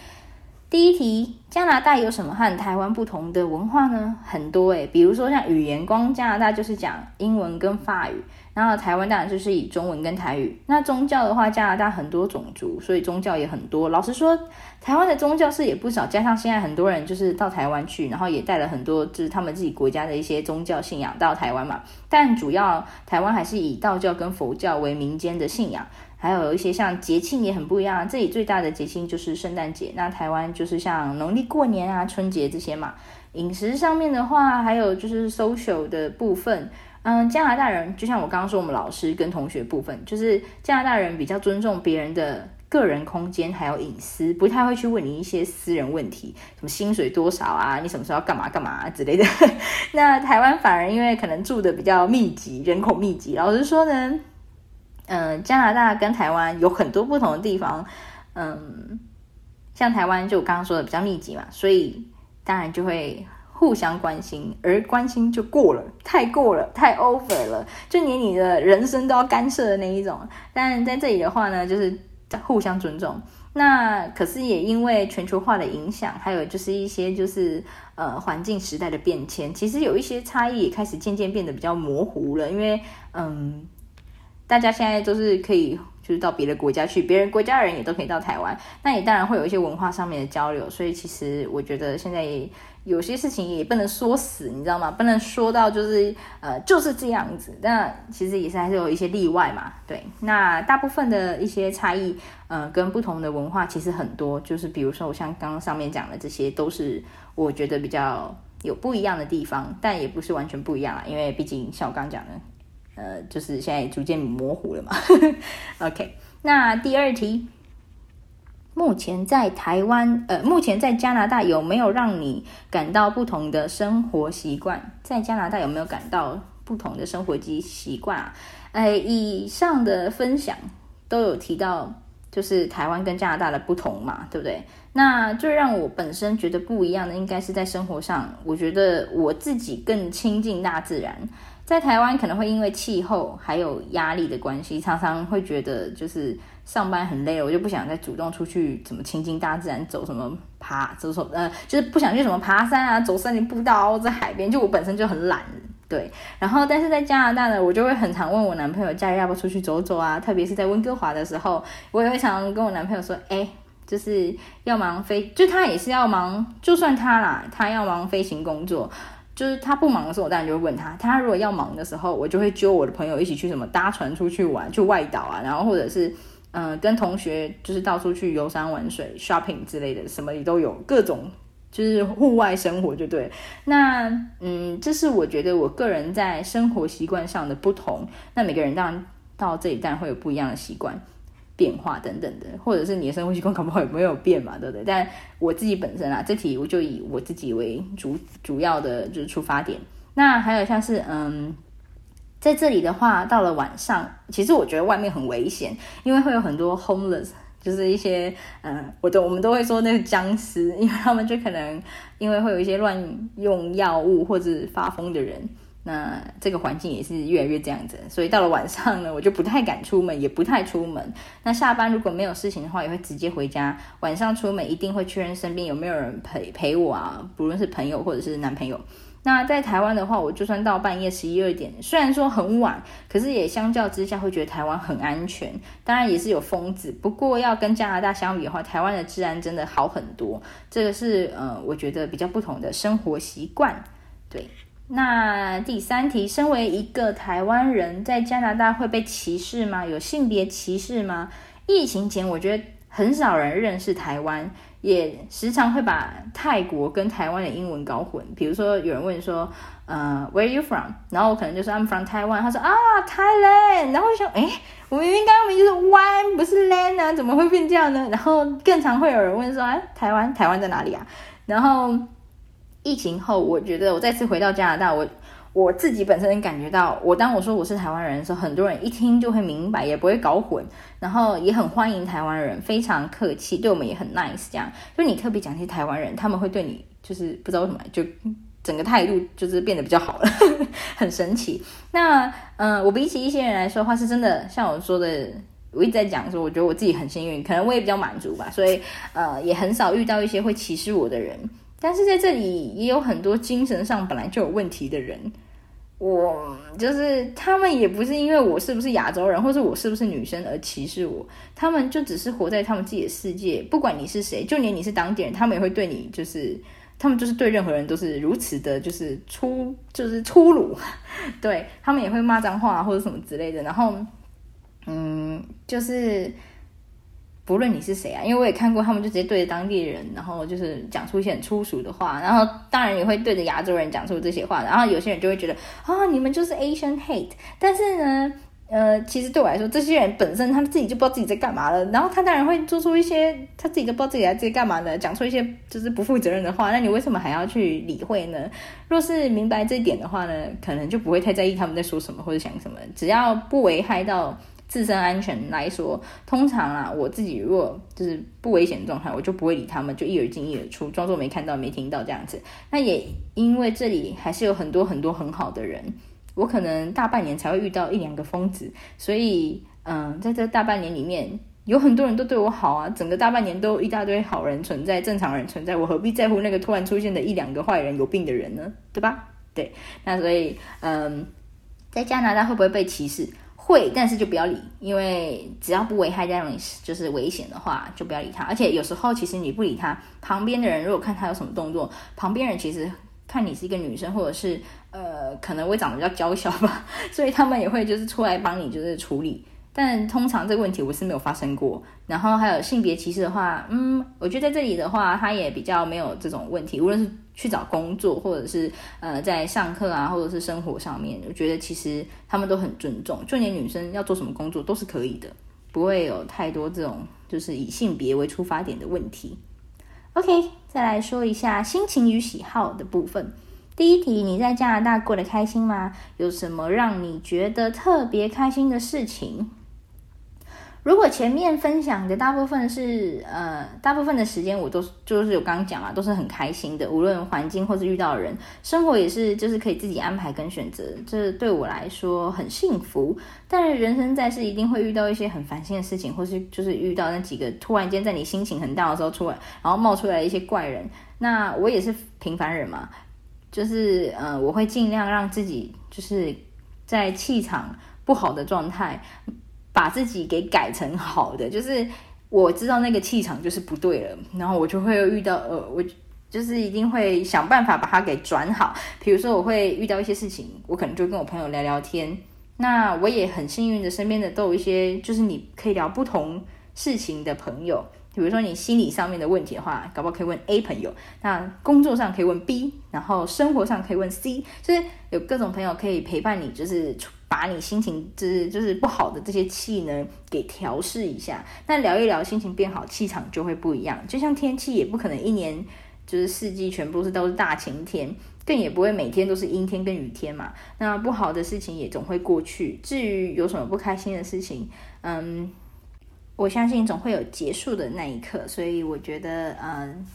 第一題，加拿大有什麼和台灣不同的文化呢？很多哎、欸，比如說像語言光，光加拿大就是講英文跟法語，然後台灣當然就是以中文跟台語。那宗教的話，加拿大很多種族，所以宗教也很多，老實說。台灣的宗教，是也不少，加上現在很多人就是到台灣去，然後也帶了很多就是他們自己國家的一些宗教信仰到台灣嘛。但主要台灣還是以道教跟佛教為民間的信仰，還有一些像節慶也很不一樣。這裡最大的節慶就是聖誕節，那台灣就是像農曆過年啊、春節這些嘛。飲食上面的話，還有就是 social 的部分，嗯，加拿大人就像我剛剛說，我們老師跟同學部分，就是加拿大人比較尊重別人的，個人空間還有隱私，不太會去問你一些私人問題，什麼薪水多少啊，你什麼時候要幹嘛幹嘛啊之類的。 那台灣反而因為可能住得比較密集，人口密集，老實說呢，嗯、呃，加拿大跟台灣有很多不同的地方，嗯、呃，像台灣就我剛剛說的比較密集嘛，所以當然就會互相關心，而關心就過了，太過了，太 over 了，就連你的人生都要干涉的那一種。但在這裡的話呢，就是。互相尊重，那可是也因為全球化的影響，還有就是一些就是呃環境時代的變遷，其實有一些差異也開始漸漸變得比較模糊了，因為嗯，大家現在都是可以。就是到別的國家去，別人國家的人也都可以到台灣，那也當然會有一些文化上面的交流。所以其實我覺得現在也有些事情也不能說死，你知道嗎？不能說到就是呃就是這樣子。那其實也是還是有一些例外嘛，對。那大部分的一些差異，嗯、呃，跟不同的文化其實很多，就是比如說我像剛剛上面講的，這些都是我覺得比較有不一樣的地方，但也不是完全不一樣啊，因為畢竟像我剛講的。呃，就是現在逐漸模糊了嘛。 OK，那第二題，目前在台灣呃，目前在加拿大有沒有讓你感到不同的生活習慣？在加拿大有沒有感到不同的生活及習慣啊？呃，以上的分享都有提到，就是台灣跟加拿大的不同嘛，對不對？那最讓我本身覺得不一樣的，應該是在生活上，我覺得我自己更親近大自然。在台灣可能會因為氣候還有壓力的關係，常常會覺得就是上班很累，我就不想再主動出去怎麼親近大自然走，走什麼爬，走什麼呃，就是不想去什麼爬山啊，走森林步道，哦、在海邊。就我本身就很懶，對。然後但是在加拿大呢，我就會很常問我男朋友，假日要不要出去走走啊？特別是在溫哥華的時候，我也會常跟我男朋友說，哎、欸。就是要忙飛，就他也是要忙。就算他啦，他要忙飛行工作，就是他不忙的時候，我當然就會問他。他如果要忙的時候，我就會揪我的朋友一起去什麼搭船，出去玩，去外島啊，然後或者是嗯、呃、跟同學就是到處去遊山玩水、shopping 之類的，什麼也都有，各種就是戶外生活，就對。那嗯，這、就是我覺得我個人在生活習慣上的不同。那每個人當然到這一代會有不一樣的習慣。變化等等的，或者是你的生物器官可不可以，沒有變嘛，對不對？但我自己本身啊，這題我就以我自己為主主要的，就是出發點。那還有像是嗯，在這裡的話，到了晚上，其實我覺得外面很危險，因為會有很多 homeless，就是一些嗯、呃，我都我們都會說那個殭屍，因為他們就可能因為會有一些亂用藥物或者發瘋的人。那這個環境也是越來越這樣子，所以到了晚上呢，我就不太敢出門，也不太出門。那下班如果沒有事情的話，也會直接回家。晚上出門一定會確認身邊有沒有人陪陪我啊，不論是朋友或者是男朋友。那在台灣的話，我就算到半夜十一二點，雖然說很晚，可是也相較之下會覺得台灣很安全。當然也是有瘋子，不過要跟加拿大相比的話，台灣的治安真的好很多。這個是，呃，我覺得比較不同的生活習慣，對。那第三題，身為一個台灣人，在加拿大會被歧視嗎？有性別歧視嗎？疫情前，我覺得很少人認識台灣，也時常會把泰國跟台灣的英文搞混。比如說，有人問說，呃，Where are you from？然後我可能就是：「I'm from Taiwan。他說啊，Thailand。然後我想，哎，我明明剛剛明明就是 Taiwan 不是 land 啊，怎麼會變這樣呢？然後更常會有人問說，哎、啊，台灣，台灣在哪裡啊？然後。疫情後，我覺得我再次回到加拿大，我我自己本身感覺到，我當我說我是台灣人的時候，很多人一聽就會明白，也不會搞混，然後也很歡迎台灣人，非常客氣，對我們也很 nice，這樣。就你特別講一些台灣人，他們會對你就是不知道為什麼，就整個態度就是變得比較好了， 很神奇。那嗯、呃，我比起一些人來說的話，話是真的，像我說的，我一直在講說，我覺得我自己很幸運，可能我也比較滿足吧，所以呃，也很少遇到一些會歧視我的人。但是在這裡也有很多精神上本來就有問題的人，我就是他們也不是因為我是不是亞洲人或者我是不是女生而歧視我，他們就只是活在他們自己的世界，不管你是誰，就連你是當地人，他們也會對你就是，他們就是對任何人都是如此的，就是粗就是粗魯，對他們也會罵髒話或者什麼之類的，然後嗯就是。不論你是誰啊，因為我也看過，他們就直接對着當地人，然後就是講出一些很粗俗的話，然後當然也會對着亞洲人講出這些話，然後有些人就會覺得啊、哦，你們就是 Asian hate。但是呢，呃，其實對我來說，這些人本身他們自己就不知道自己在幹嘛了，然後他當然會做出一些他自己都不知道自己在幹嘛的，講出一些就是不負責任的話，那你為什麼還要去理會呢？若是明白這一點的話呢，可能就不會太在意他們在說什麼或者想什麼，只要不危害到。自身安全來說，通常啊，我自己如果就是不危險狀態，我就不會理他們，就一耳進一耳出，裝作沒看到沒聽到這樣子。那也因為這裡還是有很多很多很好的人，我可能大半年才會遇到一兩個瘋子，所以嗯，在這大半年裡面，有很多人都對我好啊，整個大半年都有一大堆好人存在，正常人存在，我何必在乎那個突然出現的一兩個壞人、有病的人呢？對吧？對，那所以嗯，在加拿大會不會被歧視？會，但是就不要理，因為只要不危害 danger 就是危險的話，就不要理他。而且有時候其實你不理他，旁邊的人如果看他有什麼動作，旁邊人其實看你是一個女生，或者是呃可能會長得比較嬌小吧，所以他們也會就是出來幫你，就是處理。但通常這個問題我是沒有發生過。然後還有性別歧視的話，嗯，我覺得在這裡的話，他也比較沒有這種問題。無論是去找工作，或者是呃在上課啊，或者是生活上面，我覺得其實他們都很尊重。就連女生要做什麼工作都是可以的，不會有太多這種就是以性別為出發點的問題。OK，再來說一下心情與喜好的部分。第一題，你在加拿大過得開心嗎？有什麼讓你覺得特別開心的事情？如果前面分享的大部分是呃，大部分的時間我都是就是有剛剛講嘛，都是很開心的，無論環境或是遇到人，生活也是就是可以自己安排跟選擇，這、就是、對我來說很幸福。但是人生在世一定會遇到一些很煩心的事情，或是就是遇到那幾個突然間在你心情很大的時候出來，然後冒出來一些怪人。那我也是平凡人嘛，就是呃，我會盡量讓自己就是在氣場不好的狀態。把自己給改成好的，就是我知道那個氣場就是不對了，然後我就會遇到呃，我就是一定會想辦法把它給轉好。比如說我會遇到一些事情，我可能就跟我朋友聊聊天。那我也很幸運的，身邊的都有一些就是你可以聊不同事情的朋友。比如說你心理上面的問題的話，搞不好可以問 A 朋友；那工作上可以問 B，然後生活上可以問 C，就是有各種朋友可以陪伴你，就是。把你心情就是就是不好的這些氣呢給調適一下，那聊一聊，心情變好，氣場就會不一樣。就像天氣，也不可能一年就是四季全部是都是大晴天，更也不會每天都是陰天跟雨天嘛。那不好的事情也總會過去。至於有什麼不開心的事情，嗯，我相信總會有結束的那一刻。所以我覺得，嗯，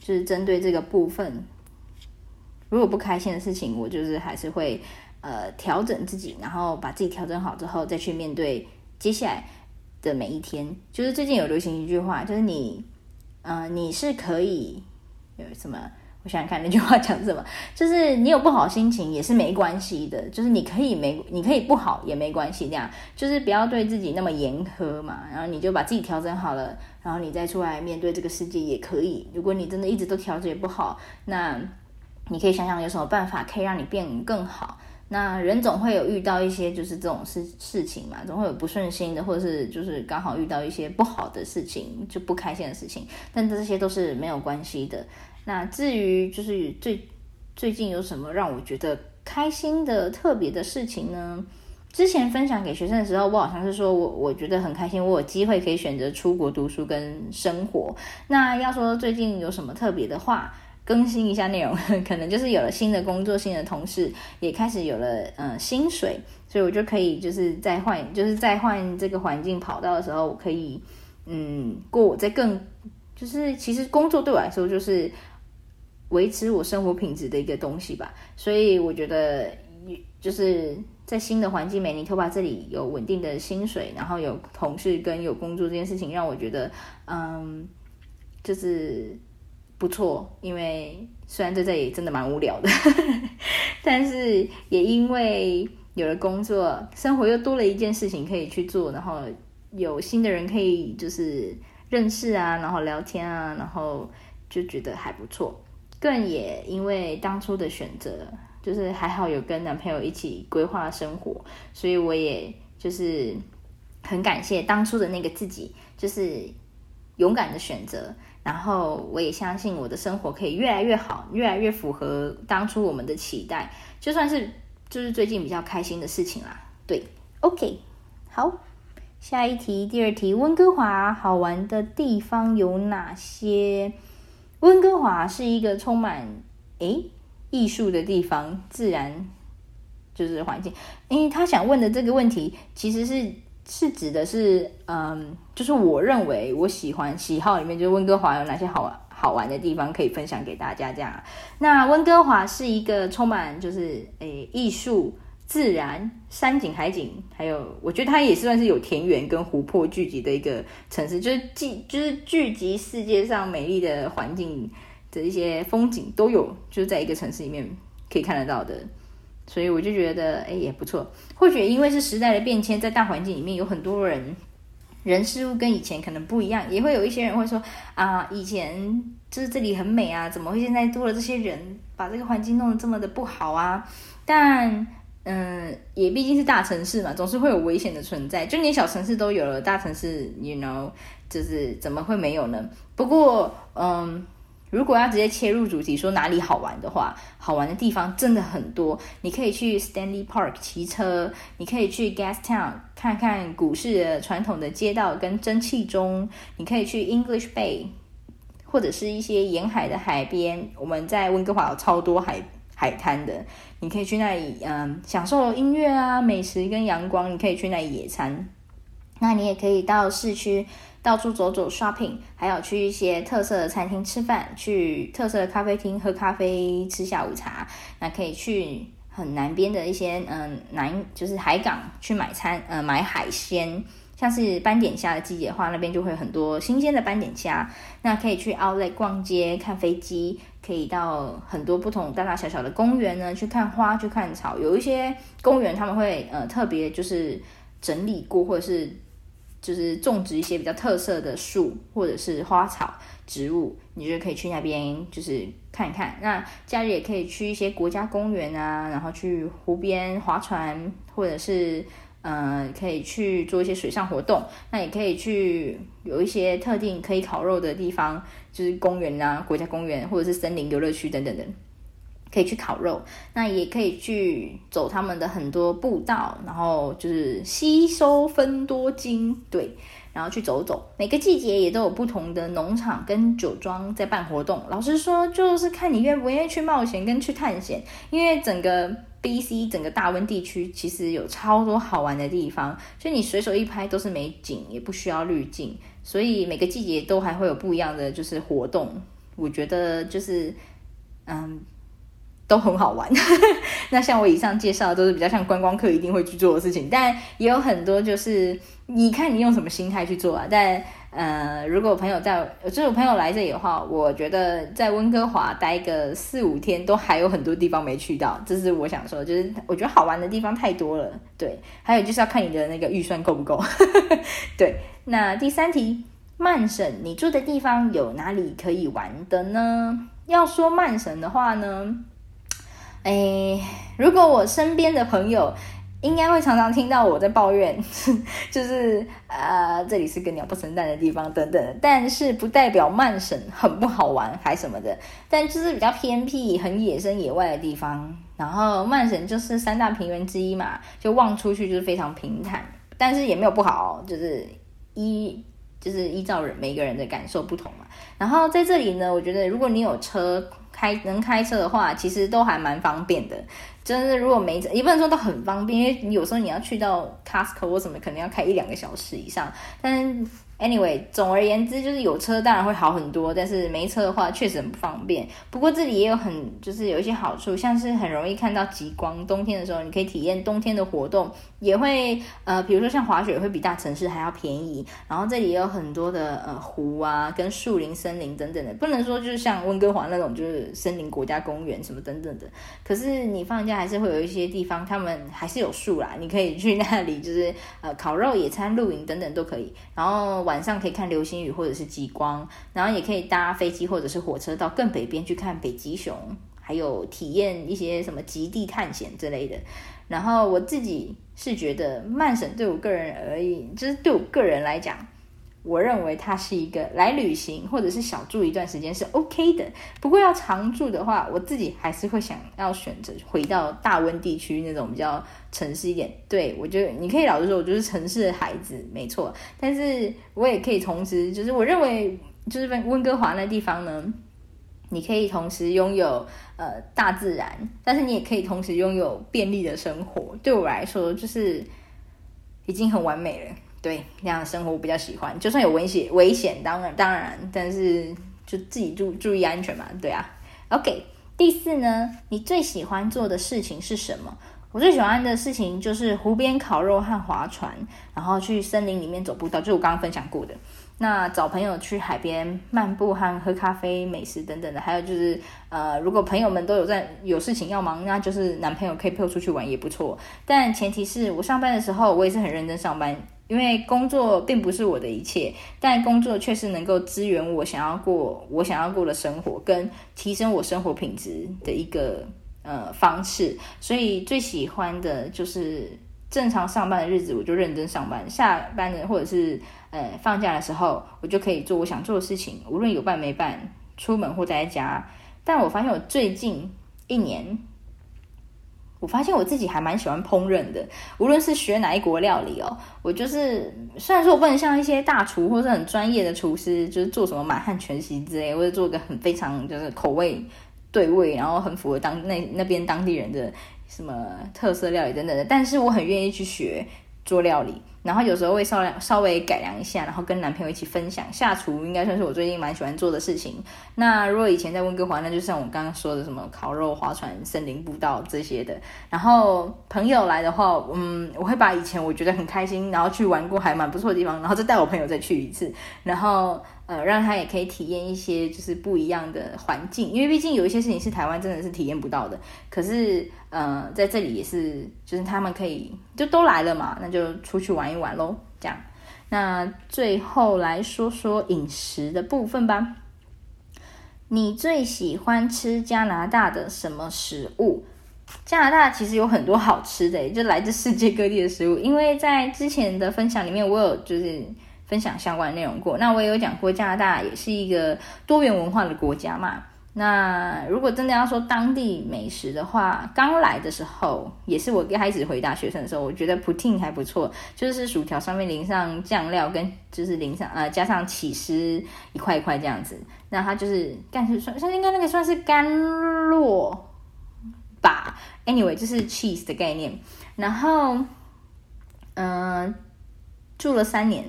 就是針對這個部分，如果不開心的事情，我就是還是會。呃，調整自己，然後把自己調整好之後，再去面對接下來的每一天。就是最近有流行一句話，就是你，呃，你是可以有什麼？我想看，那句話講什麼？就是你有不好心情也是沒關係的，就是你可以沒，你可以不好也沒關係。這樣就是不要對自己那麼嚴苛嘛。然後你就把自己調整好了，然後你再出來面對這個世界也可以。如果你真的一直都調節不好，那你可以想想有什麼辦法可以讓你變更好。那人總會有遇到一些就是這種事事情嘛，總會有不順心的，或者是就是剛好遇到一些不好的事情，就不開心的事情。但這些都是沒有關係的。那至於就是最最近有什麼讓我覺得開心的特別的事情呢？之前分享給學生的時候，我好像是說我我覺得很開心，我有機會可以選擇出國讀書跟生活。那要說最近有什麼特別的話？更新一下內容，可能就是有了新的工作，新的同事，也開始有了嗯薪水，所以我就可以就是在換就是在換這個環境跑道的時候，我可以嗯過我在更就是其實工作對我來說就是維持我生活品質的一個東西吧。所以我覺得就是在新的環境曼尼托巴這裡有穩定的薪水，然後有同事跟有工作這件事情，讓我覺得嗯就是。不錯，因為雖然在這裡真的蠻無聊的呵呵，但是也因為有了工作，生活又多了一件事情可以去做，然後有新的人可以就是認識啊，然後聊天啊，然後就覺得還不錯。更也因為當初的選擇，就是還好有跟男朋友一起規劃生活，所以我也就是很感謝當初的那個自己，就是勇敢的選擇。然後我也相信我的生活可以越來越好，越來越符合當初我們的期待，就算是就是最近比較開心的事情啦。對，OK，好，下一題，第二題，溫哥華好玩的地方有哪些？溫哥華是一個充滿誒藝術的地方，自然就是環境，因為他想問的這個問題其實是。是指的是，嗯，就是我認為我喜歡喜好裡面，就是溫哥華有哪些好玩好玩的地方可以分享給大家這樣。那溫哥華是一個充滿就是誒藝術、自然、山景、海景，還有我覺得它也是算是有田園跟湖泊聚集的一個城市，就是聚就是聚集世界上美麗的環境的一些風景都有，就是在一個城市裡面可以看得到的。所以我就覺得，欸，也不錯。或許因為是時代的變遷，在大環境裡面有很多人，人事物跟以前可能不一樣。也會有一些人會說，啊，以前就是這裡很美啊，怎麼會現在多了這些人，把這個環境弄得這麼的不好啊？但，嗯，也畢竟是大城市嘛，總是會有危險的存在。就連小城市都有了，大城市，you know，就是怎麼會沒有呢？不過，嗯。如果要直接切入主題，說哪裡好玩的話，好玩的地方真的很多。你可以去 Stanley Park 騎車，你可以去 Gastown 看看古式的傳統的街道跟蒸汽鐘，你可以去 English Bay，或者是一些沿海的海邊。我們在溫哥華有超多海海灘的，你可以去那裡，嗯，享受音樂啊、美食跟陽光。你可以去那裡野餐，那你也可以到市區。到處走走，shopping，還有去一些特色的餐廳吃飯，去特色的咖啡廳喝咖啡、吃下午茶。那可以去很南邊的一些，嗯、呃，南就是海港去買餐，呃，買海鮮。像是斑點蝦的季節的話，那邊就會很多新鮮的斑點蝦。那可以去 outlet 逛街、看飛機，可以到很多不同大大小小的公園呢，去看花、去看草。有一些公園他們會呃特別就是整理過，或者是。就是種植一些比較特色的樹或者是花草植物，你就可以去那邊就是看一看。那假日也可以去一些國家公園啊，然後去湖邊划船，或者是呃可以去做一些水上活動。那也可以去有一些特定可以烤肉的地方，就是公園啊、國家公園或者是森林遊樂區等等的。可以去烤肉，那也可以去走他們的很多步道，然後就是吸收芬多精，對，然後去走走。每個季節也都有不同的農場跟酒莊在辦活動。老實說，就是看你願不願意去冒險跟去探險。因為整個 B.C. 整個大溫地區其實有超多好玩的地方，所以你隨手一拍都是美景，也不需要濾鏡。所以每個季節都還會有不一樣的就是活動。我覺得就是嗯。都很好玩， 那像我以上介紹的都是比較像觀光客一定會去做的事情，但也有很多就是你看你用什麼心態去做啊。但呃，如果我朋友在就是我朋友來這裡的話，我覺得在溫哥華待個四五天都還有很多地方沒去到，這是我想說，就是我覺得好玩的地方太多了，對，還有就是要看你的那個預算夠不夠， 對。那第三題，曼省你住的地方有哪裡可以玩的呢？要說曼省的話呢？哎、欸，如果我身邊的朋友，應該會常常聽到我在抱怨， 就是呃，這裡是個鳥不生蛋的地方等等。但是不代表曼省很不好玩，還什麼的。但就是比較偏僻，很野生野外的地方。然後曼省就是三大平原之一嘛，就望出去就是非常平坦，但是也沒有不好，就是依就是依照每個人的感受不同嘛。然後在這裡呢，我覺得如果你有車。開能開車的話，其實都還蠻方便的。真的。如果沒，一般來說都很方便，因為你有時候你要去到 Costco 或什麼，可能要開一兩個小時以上。但 Anyway，總而言之就是有車當然會好很多，但是沒車的話確實很不方便。不過這裡也有很就是有一些好處，像是很容易看到極光，冬天的時候你可以體驗冬天的活動，也會呃比如說像滑雪也會比大城市還要便宜。然後這裡也有很多的呃湖啊跟樹林、森林等等的，不能說就是像溫哥華那種就是森林國家公園什麼等等的。可是你放假還是會有一些地方，他們還是有樹啦，你可以去那裡就是呃烤肉、野餐、露營等等都可以。然後。晚上可以看流星雨，或者是極光，然後也可以搭飛機或者是火車到更北邊去看北極熊，還有體驗一些什麼極地探險之類的。然後我自己是覺得曼省對我個人而言，就是對我個人來講。我認為它是一個來旅行或者是小住一段時間是 OK 的，不過要常住的話，我自己還是會想要選擇回到大溫地區那種比較城市一點。對，我覺得你可以老實說，我就是城市的孩子，沒錯。但是我也可以同時，就是我認為，就是溫溫哥華那地方呢，你可以同時擁有呃大自然，但是你也可以同時擁有便利的生活。對我來說，就是已經很完美了。對，那樣的生活我比較喜歡，就算有危險危險當然當然，但是就自己注意注意安全嘛，對啊。OK，第四呢，你最喜歡做的事情是什麼？我最喜歡的事情就是湖邊烤肉和划船，然後去森林裡面走步道，就是我剛剛分享過的。那找朋友去海邊漫步和喝咖啡、美食等等的，還有就是呃，如果朋友們都有在有事情要忙，那就是男朋友可以陪我出去玩也不錯，但前提是我上班的時候我也是很認真上班。因為工作並不是我的一切，但工作確實能夠支援我想要過我想要過的生活，跟提升我生活品質的一個呃方式。所以最喜歡的就是正常上班的日子，我就認真上班；下班的或者是呃放假的時候，我就可以做我想做的事情，無論有伴沒伴，出門或在家。但我發現我最近一年，我發現我自己還蠻喜歡烹飪的，無論是學哪一國料理哦，我就是雖然說我不能像一些大廚或者很專業的廚師，就是做什麼滿漢全席之類，或者做個很非常就是口味對味，然後很符合當那那邊當地人的什麼特色料理等等的，但是我很願意去學做料理。然後有時候會稍微改良一下，然後跟男朋友一起分享。下廚應該算是我最近蠻喜歡做的事情。那如果以前在溫哥華，那就是像我剛剛說的什麼烤肉、划船、森林步道這些的。然後朋友來的話，嗯，我會把以前我覺得很開心，然後去玩過還蠻不錯的地方，然後再帶我朋友再去一次。然後。呃，讓他也可以體驗一些就是不一樣的環境，因為畢竟有一些事情是台灣真的是體驗不到的。可是，呃，在這裡也是，就是他們可以就都來了嘛，那就出去玩一玩嘍。這樣，那最後來說說飲食的部分吧。你最喜歡吃加拿大的什麼食物？加拿大其實有很多好吃的、欸，就來自世界各地的食物，因為在之前的分享裡面，我有就是。分享相關的內容過，那我也有講過，加拿大也是一個多元文化的國家嘛。那如果真的要說當地美食的話，剛來的時候也是我一開始回答學生的時候，我覺得 poutine 還不錯，就是薯條上面淋上醬料，跟就是淋上呃加上起司一塊一塊這樣子，那它就是算是算應該那個算是乾酪吧。Anyway，就是 cheese 的概念。然後嗯、呃，住了三年。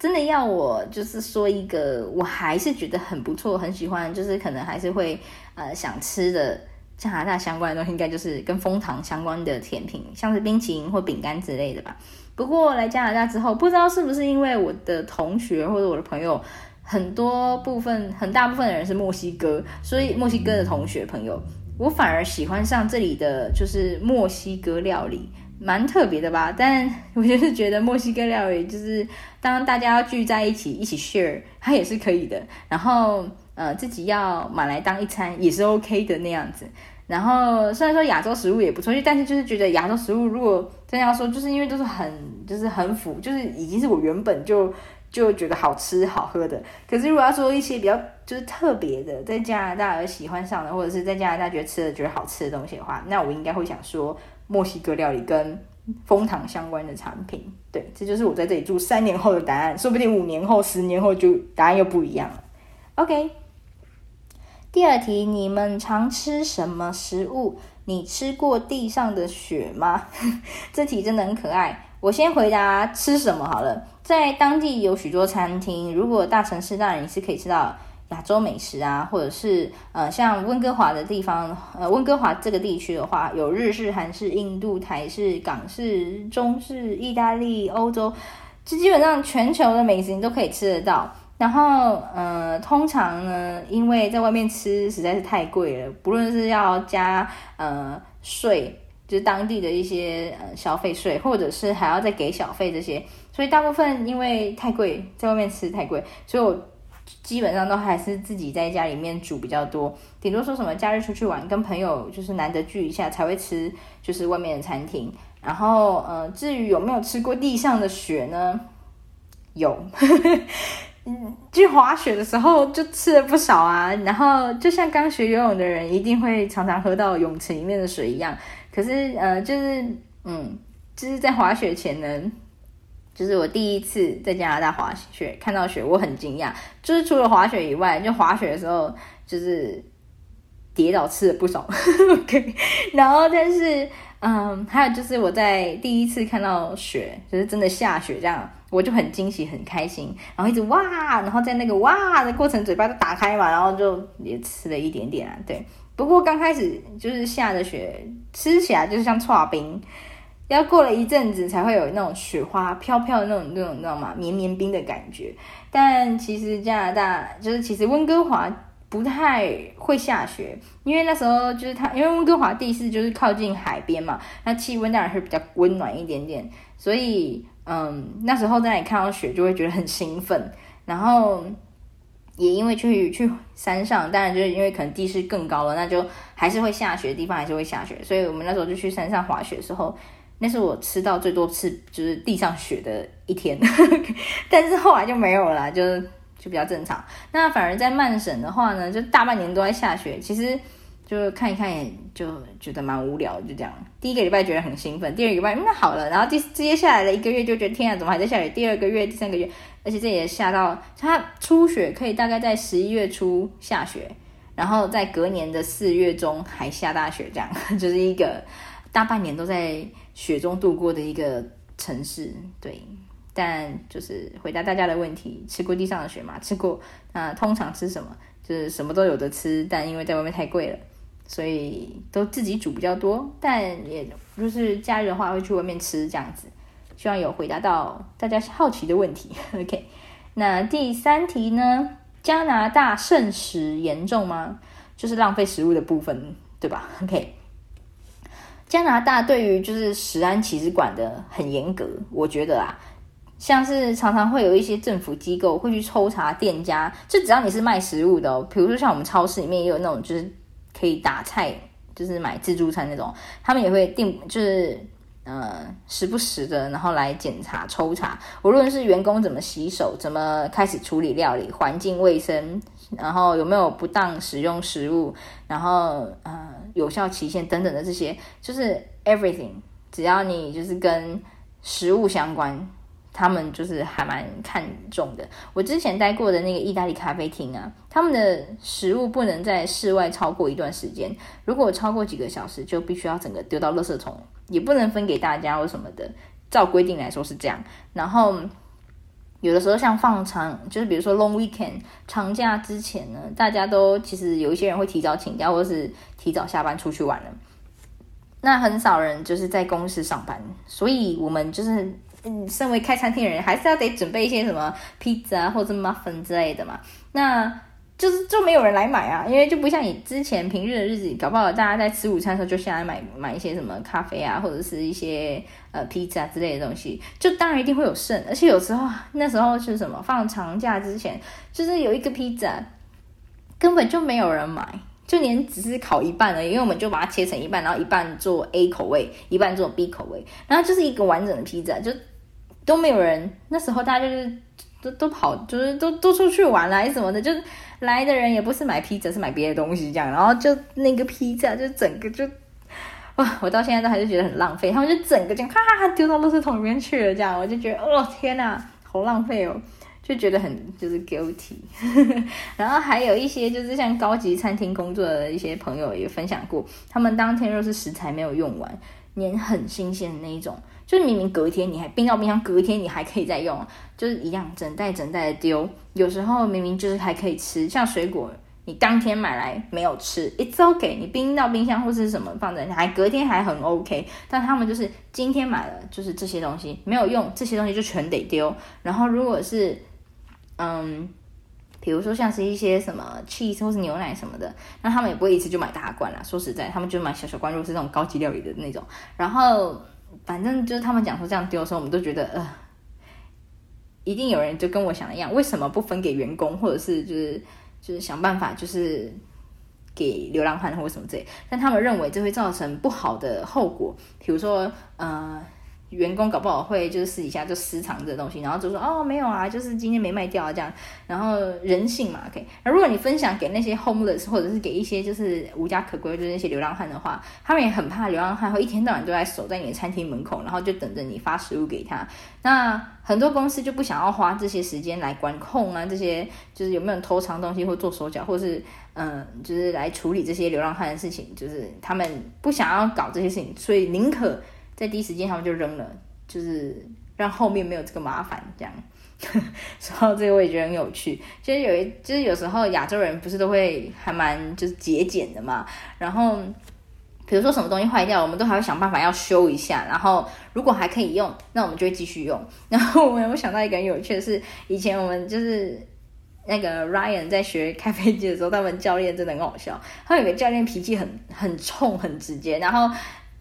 真的要我就是說一個，我還是覺得很不錯，很喜歡，就是可能還是會呃想吃的加拿大相關的東西，應該就是跟楓糖相關的甜品，像是冰淇淋或餅乾之類的吧。不過，來加拿大之後，不知道是不是因為我的同學或者我的朋友很多部分、很大部分的人是墨西哥，所以墨西哥的同學朋友，我反而喜歡上這裡的就是墨西哥料理。蠻特別的吧，但我就是覺得墨西哥料理，就是當大家要聚在一起一起 share，它也是可以的。然後，呃，自己要買來當一餐也是 OK 的那樣子。然後，雖然說亞洲食物也不錯，但是就是覺得亞洲食物如果真要說，就是因為都是很就是很腐，就是已經是我原本就就覺得好吃好喝的。可是如果要說一些比較就是特別的，在加拿大而喜歡上的，或者是在加拿大覺得吃了覺得好吃的東西的話，那我應該會想說。墨西哥料理跟楓糖相關的產品，對，這就是我在這裡住三年後的答案。說不定五年後、十年後就答案又不一樣了。OK，第二題，你們常吃什麼食物？你吃過地上的雪嗎？ 這題真的很可愛。我先回答吃什麼好了。在當地有許多餐廳，如果大城市當然你是可以吃到。亞洲美食啊，或者是呃，像溫哥華的地方，呃，溫哥華這個地區的話，有日式、韓式、印度、台式、港式、中式、意大利、歐洲，這基本上全球的美食你都可以吃得到。然後，呃，通常呢，因為在外面吃實在是太貴了，不論是要加呃稅，就是當地的一些呃消費稅，或者是還要再給小費這些，所以大部分因為太貴，在外面吃太貴，所以我基本上都還是自己在家裡面煮比較多，頂多說什麼假日出去玩，跟朋友就是難得聚一下才會吃，就是外面的餐廳。然後，呃，至於有沒有吃過地上的雪呢？有， 去滑雪的時候就吃了不少啊。然後，就像剛學游泳的人一定會常常喝到泳池裡面的水一樣，可是，呃，就是，嗯，就是在滑雪前呢。就是我第一次在加拿大滑雪看到雪，我很驚訝。就是除了滑雪以外，就滑雪的時候就是跌倒吃了不少。 OK，然後但是嗯，還有就是我在第一次看到雪，就是真的下雪這樣，我就很驚喜很開心，然後一直哇，然後在那個哇的過程，嘴巴都打開嘛，然後就也吃了一點點啊。對，不過剛開始就是下着雪，吃起來就是像剉冰。要過了一陣子，才會有那種雪花飄飄的那種、那種、你知道嗎？綿綿冰的感覺。但其實加拿大就是，其實溫哥華不太會下雪，因為那時候就是它，因為溫哥華地勢就是靠近海邊嘛，那氣溫當然是比較溫暖一點點。所以，嗯，那時候在那裡看到雪，就會覺得很興奮。然後也因為去去山上，當然就是因為可能地勢更高了，那就還是會下雪，地方還是會下雪。所以我們那時候就去山上滑雪的時候。那是我吃到最多次就是地上雪的一天， 但是後來就沒有了啦，就是就比較正常。那反而在曼省的話呢，就大半年都在下雪，其實就看一看也就覺得蠻無聊，就這樣。第一個禮拜覺得很興奮，第二個禮拜、嗯、那好了，然後接接下來的一個月就覺得天啊怎麼還在下雨？第二個月、第三個月，而且這也下到它初雪可以大概在十一月初下雪，然後在隔年的四月中還下大雪，這樣就是一個大半年都在。雪中度過的一個城市，對。但就是回答大家的問題，吃過地上的雪嗎？吃過。那通常吃什麼？就是什麼都有的吃，但因為在外面太貴了，所以都自己煮比較多。但也就是假日的話會去外面吃這樣子。希望有回答到大家好奇的問題。OK，那第三題呢？加拿大剩食嚴重嗎？就是浪費食物的部分，對吧？OK。加拿大對於就是食安其實管得很嚴格，我覺得啊，像是常常會有一些政府機構會去抽查店家，就只要你是賣食物的，哦，比如說像我們超市裡面也有那種就是可以打菜，就是買自助餐那種，他們也會定就是呃時不時的，然後來檢查抽查，無論是員工怎麼洗手，怎麼開始處理料理，環境衛生，然後有沒有不當使用食物，然後嗯。呃有效期限等等的這些，就是 everything，只要你就是跟食物相關，他們就是還蠻看重的。我之前待過的那個意大利咖啡廳啊，他們的食物不能在室外超過一段時間，如果超過幾個小時，就必須要整個丟到垃圾桶，也不能分給大家或什麼的，照規定來說是這樣。然後。有的時候，像放長，就是比如說 long weekend 長假之前呢，大家都其實有一些人會提早請假，或是提早下班出去玩了。那很少人就是在公司上班，所以我們就是，嗯，身為開餐廳的人，還是要得準備一些什麼 pizza 或者 muffin 之類的嘛。那就是就沒有人來買啊，因為就不像你之前平日的日子裡，搞不好大家在吃午餐的時候就下來買買一些什麼咖啡啊，或者是一些呃披薩之類的東西，就當然一定會有剩。而且有時候那時候是什麼放長假之前，就是有一個披薩根本就沒有人買，就連只是烤一半而已，因為我們就把它切成一半，然後一半做 A 口味，一半做 B 口味，然後就是一個完整的披薩，就都沒有人。那時候大家就是都都跑，就是都都出去玩啦、啊、什麼的，就是。來的人也不是買披薩，是買別的東西這樣，然後就那個披薩就整個就，哇，我到現在都還是覺得很浪費。他們就整個就樣、啊，哈哈丟到垃圾桶裡面去了，這樣我就覺得哦天吶，好浪費哦，就覺得很就是 guilty。 然後還有一些就是像高級餐廳工作的一些朋友也分享過，他們當天若是食材沒有用完，連很新鮮的那一種。就是明明隔天你還冰到冰箱，隔天你還可以再用，就是一樣整袋整袋的丟。有時候明明就是還可以吃，像水果，你當天買來沒有吃，It's OK，你冰到冰箱或是什麼放在那，還隔天還很 OK。但他們就是今天買了，就是這些東西沒有用，這些東西就全得丟。然後如果是嗯，比如說像是一些什麼 cheese 或是牛奶什麼的，那他們也不會一次就買大罐啦。說實在，他們就買小小罐，如果是那種高級料理的那種，然後。反正就是他們講說這樣丟的時候，我們都覺得呃，一定有人就跟我想的一樣，為什麼不分給員工，或者是就是就是想辦法就是給流浪漢或者什麼之類。但他們認為這會造成不好的後果，比如說呃。員工搞不好會就是私底下就私藏這東西，然後就說哦沒有啊，就是今天沒賣掉啊這樣，然後人性嘛，可以。那如果你分享給那些 homeless 或者是給一些就是無家可歸，就是那些流浪漢的話，他們也很怕流浪漢會一天到晚都在守在你的餐廳門口，然後就等着你發食物給他。那很多公司就不想要花這些時間來管控啊，這些就是有沒有偷藏東西或做手腳，或是嗯，就是來處理這些流浪漢的事情，就是他們不想要搞這些事情，所以寧可。在第一時間他們就扔了，就是讓後面沒有這個麻煩這樣，所 以這個我也覺得很有趣。其實有一，就是有時候亞洲人不是都會還蠻就是節儉的嘛。然後比如說什麼東西壞掉，我們都還會想辦法要修一下。然後如果還可以用，那我們就會繼續用。然後我有想到一個很有趣的是，以前我們就是那個 Ryan 在學開飛機的時候，他們教練真的很好笑。他有個教練脾氣很很衝，很直接，然後。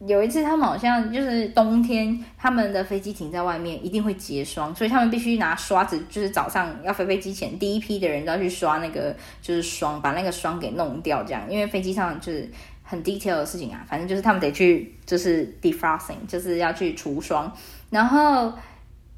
有一次，他們好像就是冬天，他們的飛機停在外面一定會結霜，所以他們必須拿刷子，就是早上要飛飛機前，第一批的人都要去刷那個就是霜，把那個霜給弄掉，這樣，因為飛機上就是很 detail 的事情啊，反正就是他們得去就是 defrosting，就是要去除霜，然後。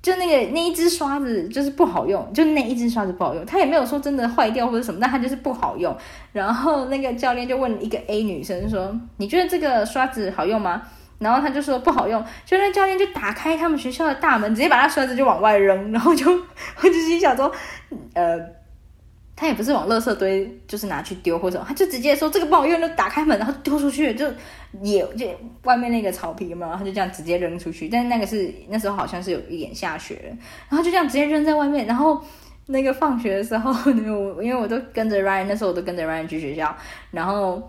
就那個那一支刷子就是不好用，就那一支刷子不好用，他也沒有說真的壞掉或者什麼，但它就是不好用。然後那個教練就問一個 A 女生說：“你覺得這個刷子好用嗎？”然後她就說不好用。就那教練就打開他們學校的大門，直接把他刷子就往外扔。然後就我就心想說，呃。他也不是往垃圾堆，就是拿去丟或者，他就直接說這個不好用，就打開門，然後丟出去，就也就外面那個草皮嘛，他就這樣直接扔出去。但是那個是那時候好像是有一點下雪，然後就這樣直接扔在外面。然後那個放學的時候，因為我因為我都跟着 Ryan，那時候我都跟着 Ryan 去學校，然後。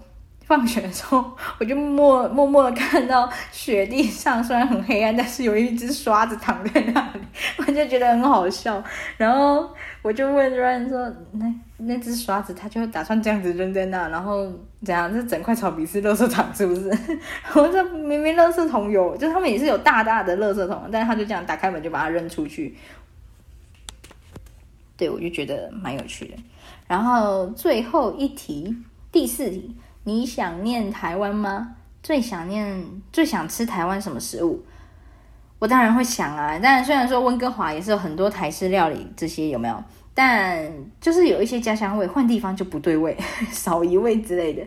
放學的時候，我就默默默的看到雪地上，雖然很黑暗，但是有一隻刷子躺在那裡，我就覺得很好笑。然後我就問 Ryan 說：“那那隻刷子，他就打算這樣子扔在那，然後怎樣？這整塊草皮是垃圾桶，是不是？我說明明垃圾桶有，就他們也是有大大的垃圾桶，但是他就這樣打開門就把它扔出去。對，我就覺得蠻有趣的。然後最後一題，第四題。你想念台灣嗎？最想念、最想吃台灣什麼食物？我當然會想啊！但雖然說溫哥華也是有很多台式料理，這些有沒有？但就是有一些家鄉味，換地方就不對味，少一味之類的。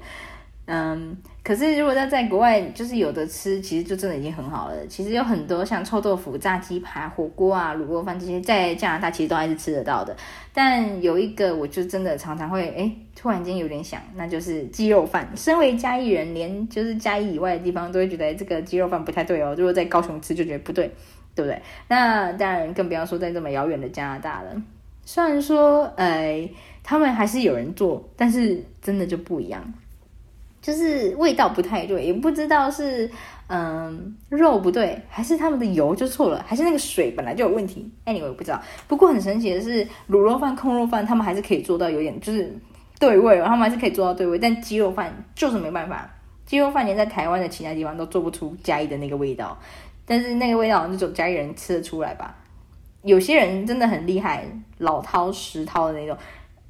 嗯。可是，如果要在國外，就是有的吃，其實就真的已經很好了。其實有很多像臭豆腐、炸雞排、火鍋啊、滷肉飯這些，在加拿大其實都還是吃得到的。但有一個，我就真的常常會誒、欸，突然間有點想，那就是雞肉飯。身為嘉義人，連就是嘉義以外的地方都會覺得這個雞肉飯不太對哦。如果在高雄吃就覺得不對，對不對？那當然更不要說在這麼遙遠的加拿大了。雖然說哎、欸，他們還是有人做，但是真的就不一樣。就是味道不太對，也不知道是嗯肉不對，還是他們的油就錯了，還是那個水本來就有問題，哎、Anyway，我也不知道。不過很神奇的是，滷肉飯、控肉飯他們還是可以做到有點就是對味，他們還是可以做到對味，但雞肉飯就是沒辦法，雞肉飯連在台灣的其他地方都做不出嘉義的那個味道，但是那個味道那種只有嘉義人吃得出來吧？有些人真的很厲害，老饕食饕的那種，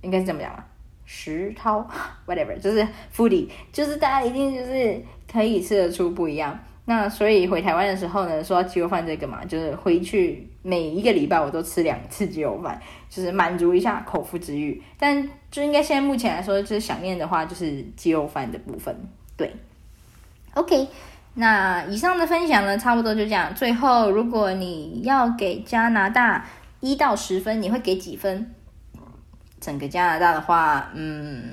應該是這麼講吧。石濤，whatever，就是 foodie，就是大家一定就是可以吃得出不一樣。那所以回台灣的時候呢，說雞肉飯這個嘛，就是回去每一個禮拜我都吃兩次雞肉飯，就是滿足一下口腹之欲。但就應該現在目前來說，就是想念的話，就是雞肉飯的部分。對，OK，那以上的分享呢，差不多就這樣。最後，如果你要給加拿大一到十分，你會給幾分？整個加拿大的話，嗯，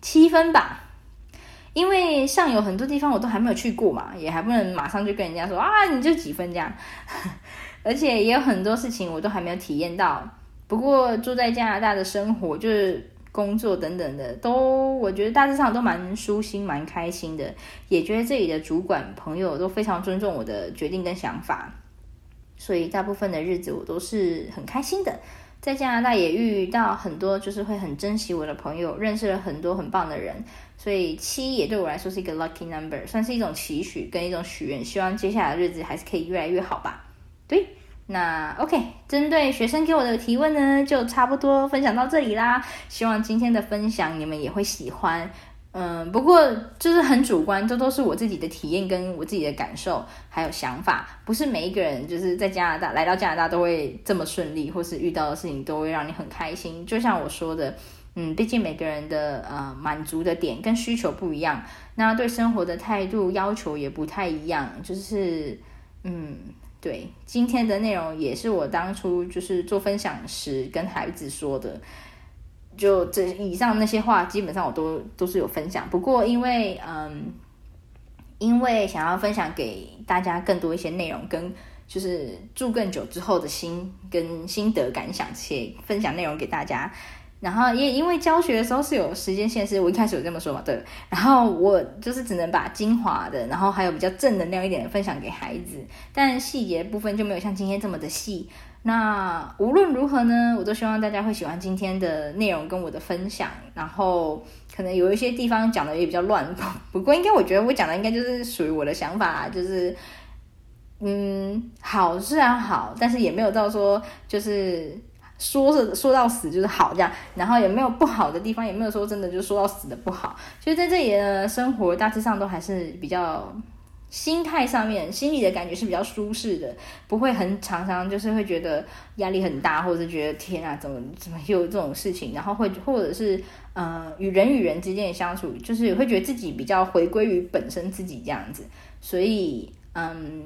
七分吧，因為像有很多地方我都還沒有去過嘛，也還不能馬上就跟人家說啊，你就幾分這樣，而且也有很多事情我都還沒有體驗到。不過住在加拿大的生活，就是工作等等的，都我覺得大致上都蠻舒心、蠻開心的，也覺得這裡的主管朋友都非常尊重我的決定跟想法，所以大部分的日子我都是很開心的。在加拿大也遇到很多，就是會很珍惜我的朋友，認識了很多很棒的人，所以七也對我來說是一個 lucky number，算是一種期許跟一種許願，希望接下來的日子還是可以越來越好吧。對，那 OK，針對學生給我的提問呢，就差不多分享到這裡啦，希望今天的分享你們也會喜歡。嗯，不過就是很主觀，這都，都是我自己的體驗，跟我自己的感受，還有想法。不是每一個人就是在加拿大來到加拿大都會這麼順利，或是遇到的事情都會讓你很開心。就像我說的，嗯，畢竟每個人的呃滿足的點跟需求不一樣，那對生活的態度要求也不太一樣。就是嗯，對，今天的內容也是我當初就是做分享時跟孩子說的。就這以上那些話，基本上我都都是有分享。不過因為嗯，因為想要分享給大家更多一些內容，跟就是住更久之後的心跟心得感想這些分享內容給大家。然後也因為教學的時候是有時間限制，我一開始有這麼說嘛，對。然後我就是只能把精華的，然後還有比較正能量一點的分享給孩子，但細節部分就沒有像今天這麼的細。那無論如何呢，我都希望大家會喜歡今天的內容跟我的分享。然後可能有一些地方講的也比較亂，不過應該我覺得我講的應該就是屬於我的想法，就是嗯好，雖然好，但是也沒有到說就是說是說到死就是好這樣，然後也沒有不好的地方，也沒有說真的就說到死的不好。其實在這裡呢，生活大致上都還是比較。心態上面，心裡的感覺是比較舒適的，不會很常常就是會覺得壓力很大，或者是覺得天啊，怎麼怎麼又有這種事情，然後會或者是呃與人與人之間的相處，就是會覺得自己比較回歸於本身自己這樣子。所以嗯，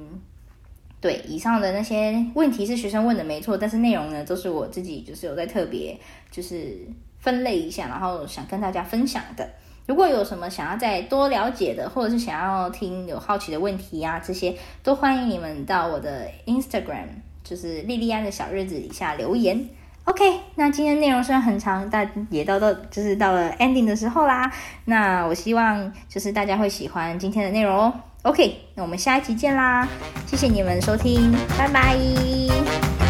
對以上的那些問題是學生問的沒錯，但是內容呢都是我自己就是有在特別就是分類一下，然後想跟大家分享的。如果有什麼想要再多了解的，或者是想要聽有好奇的問題呀，啊，這些都歡迎你們到我的 Instagram，就是莉莉安的小日子底下留言。OK，那今天內容雖然很長，但也到到就是到了 ending 的時候啦。那我希望就是大家會喜歡今天的內容哦，喔。OK，那我們下一集見啦！謝謝你們收聽，拜拜。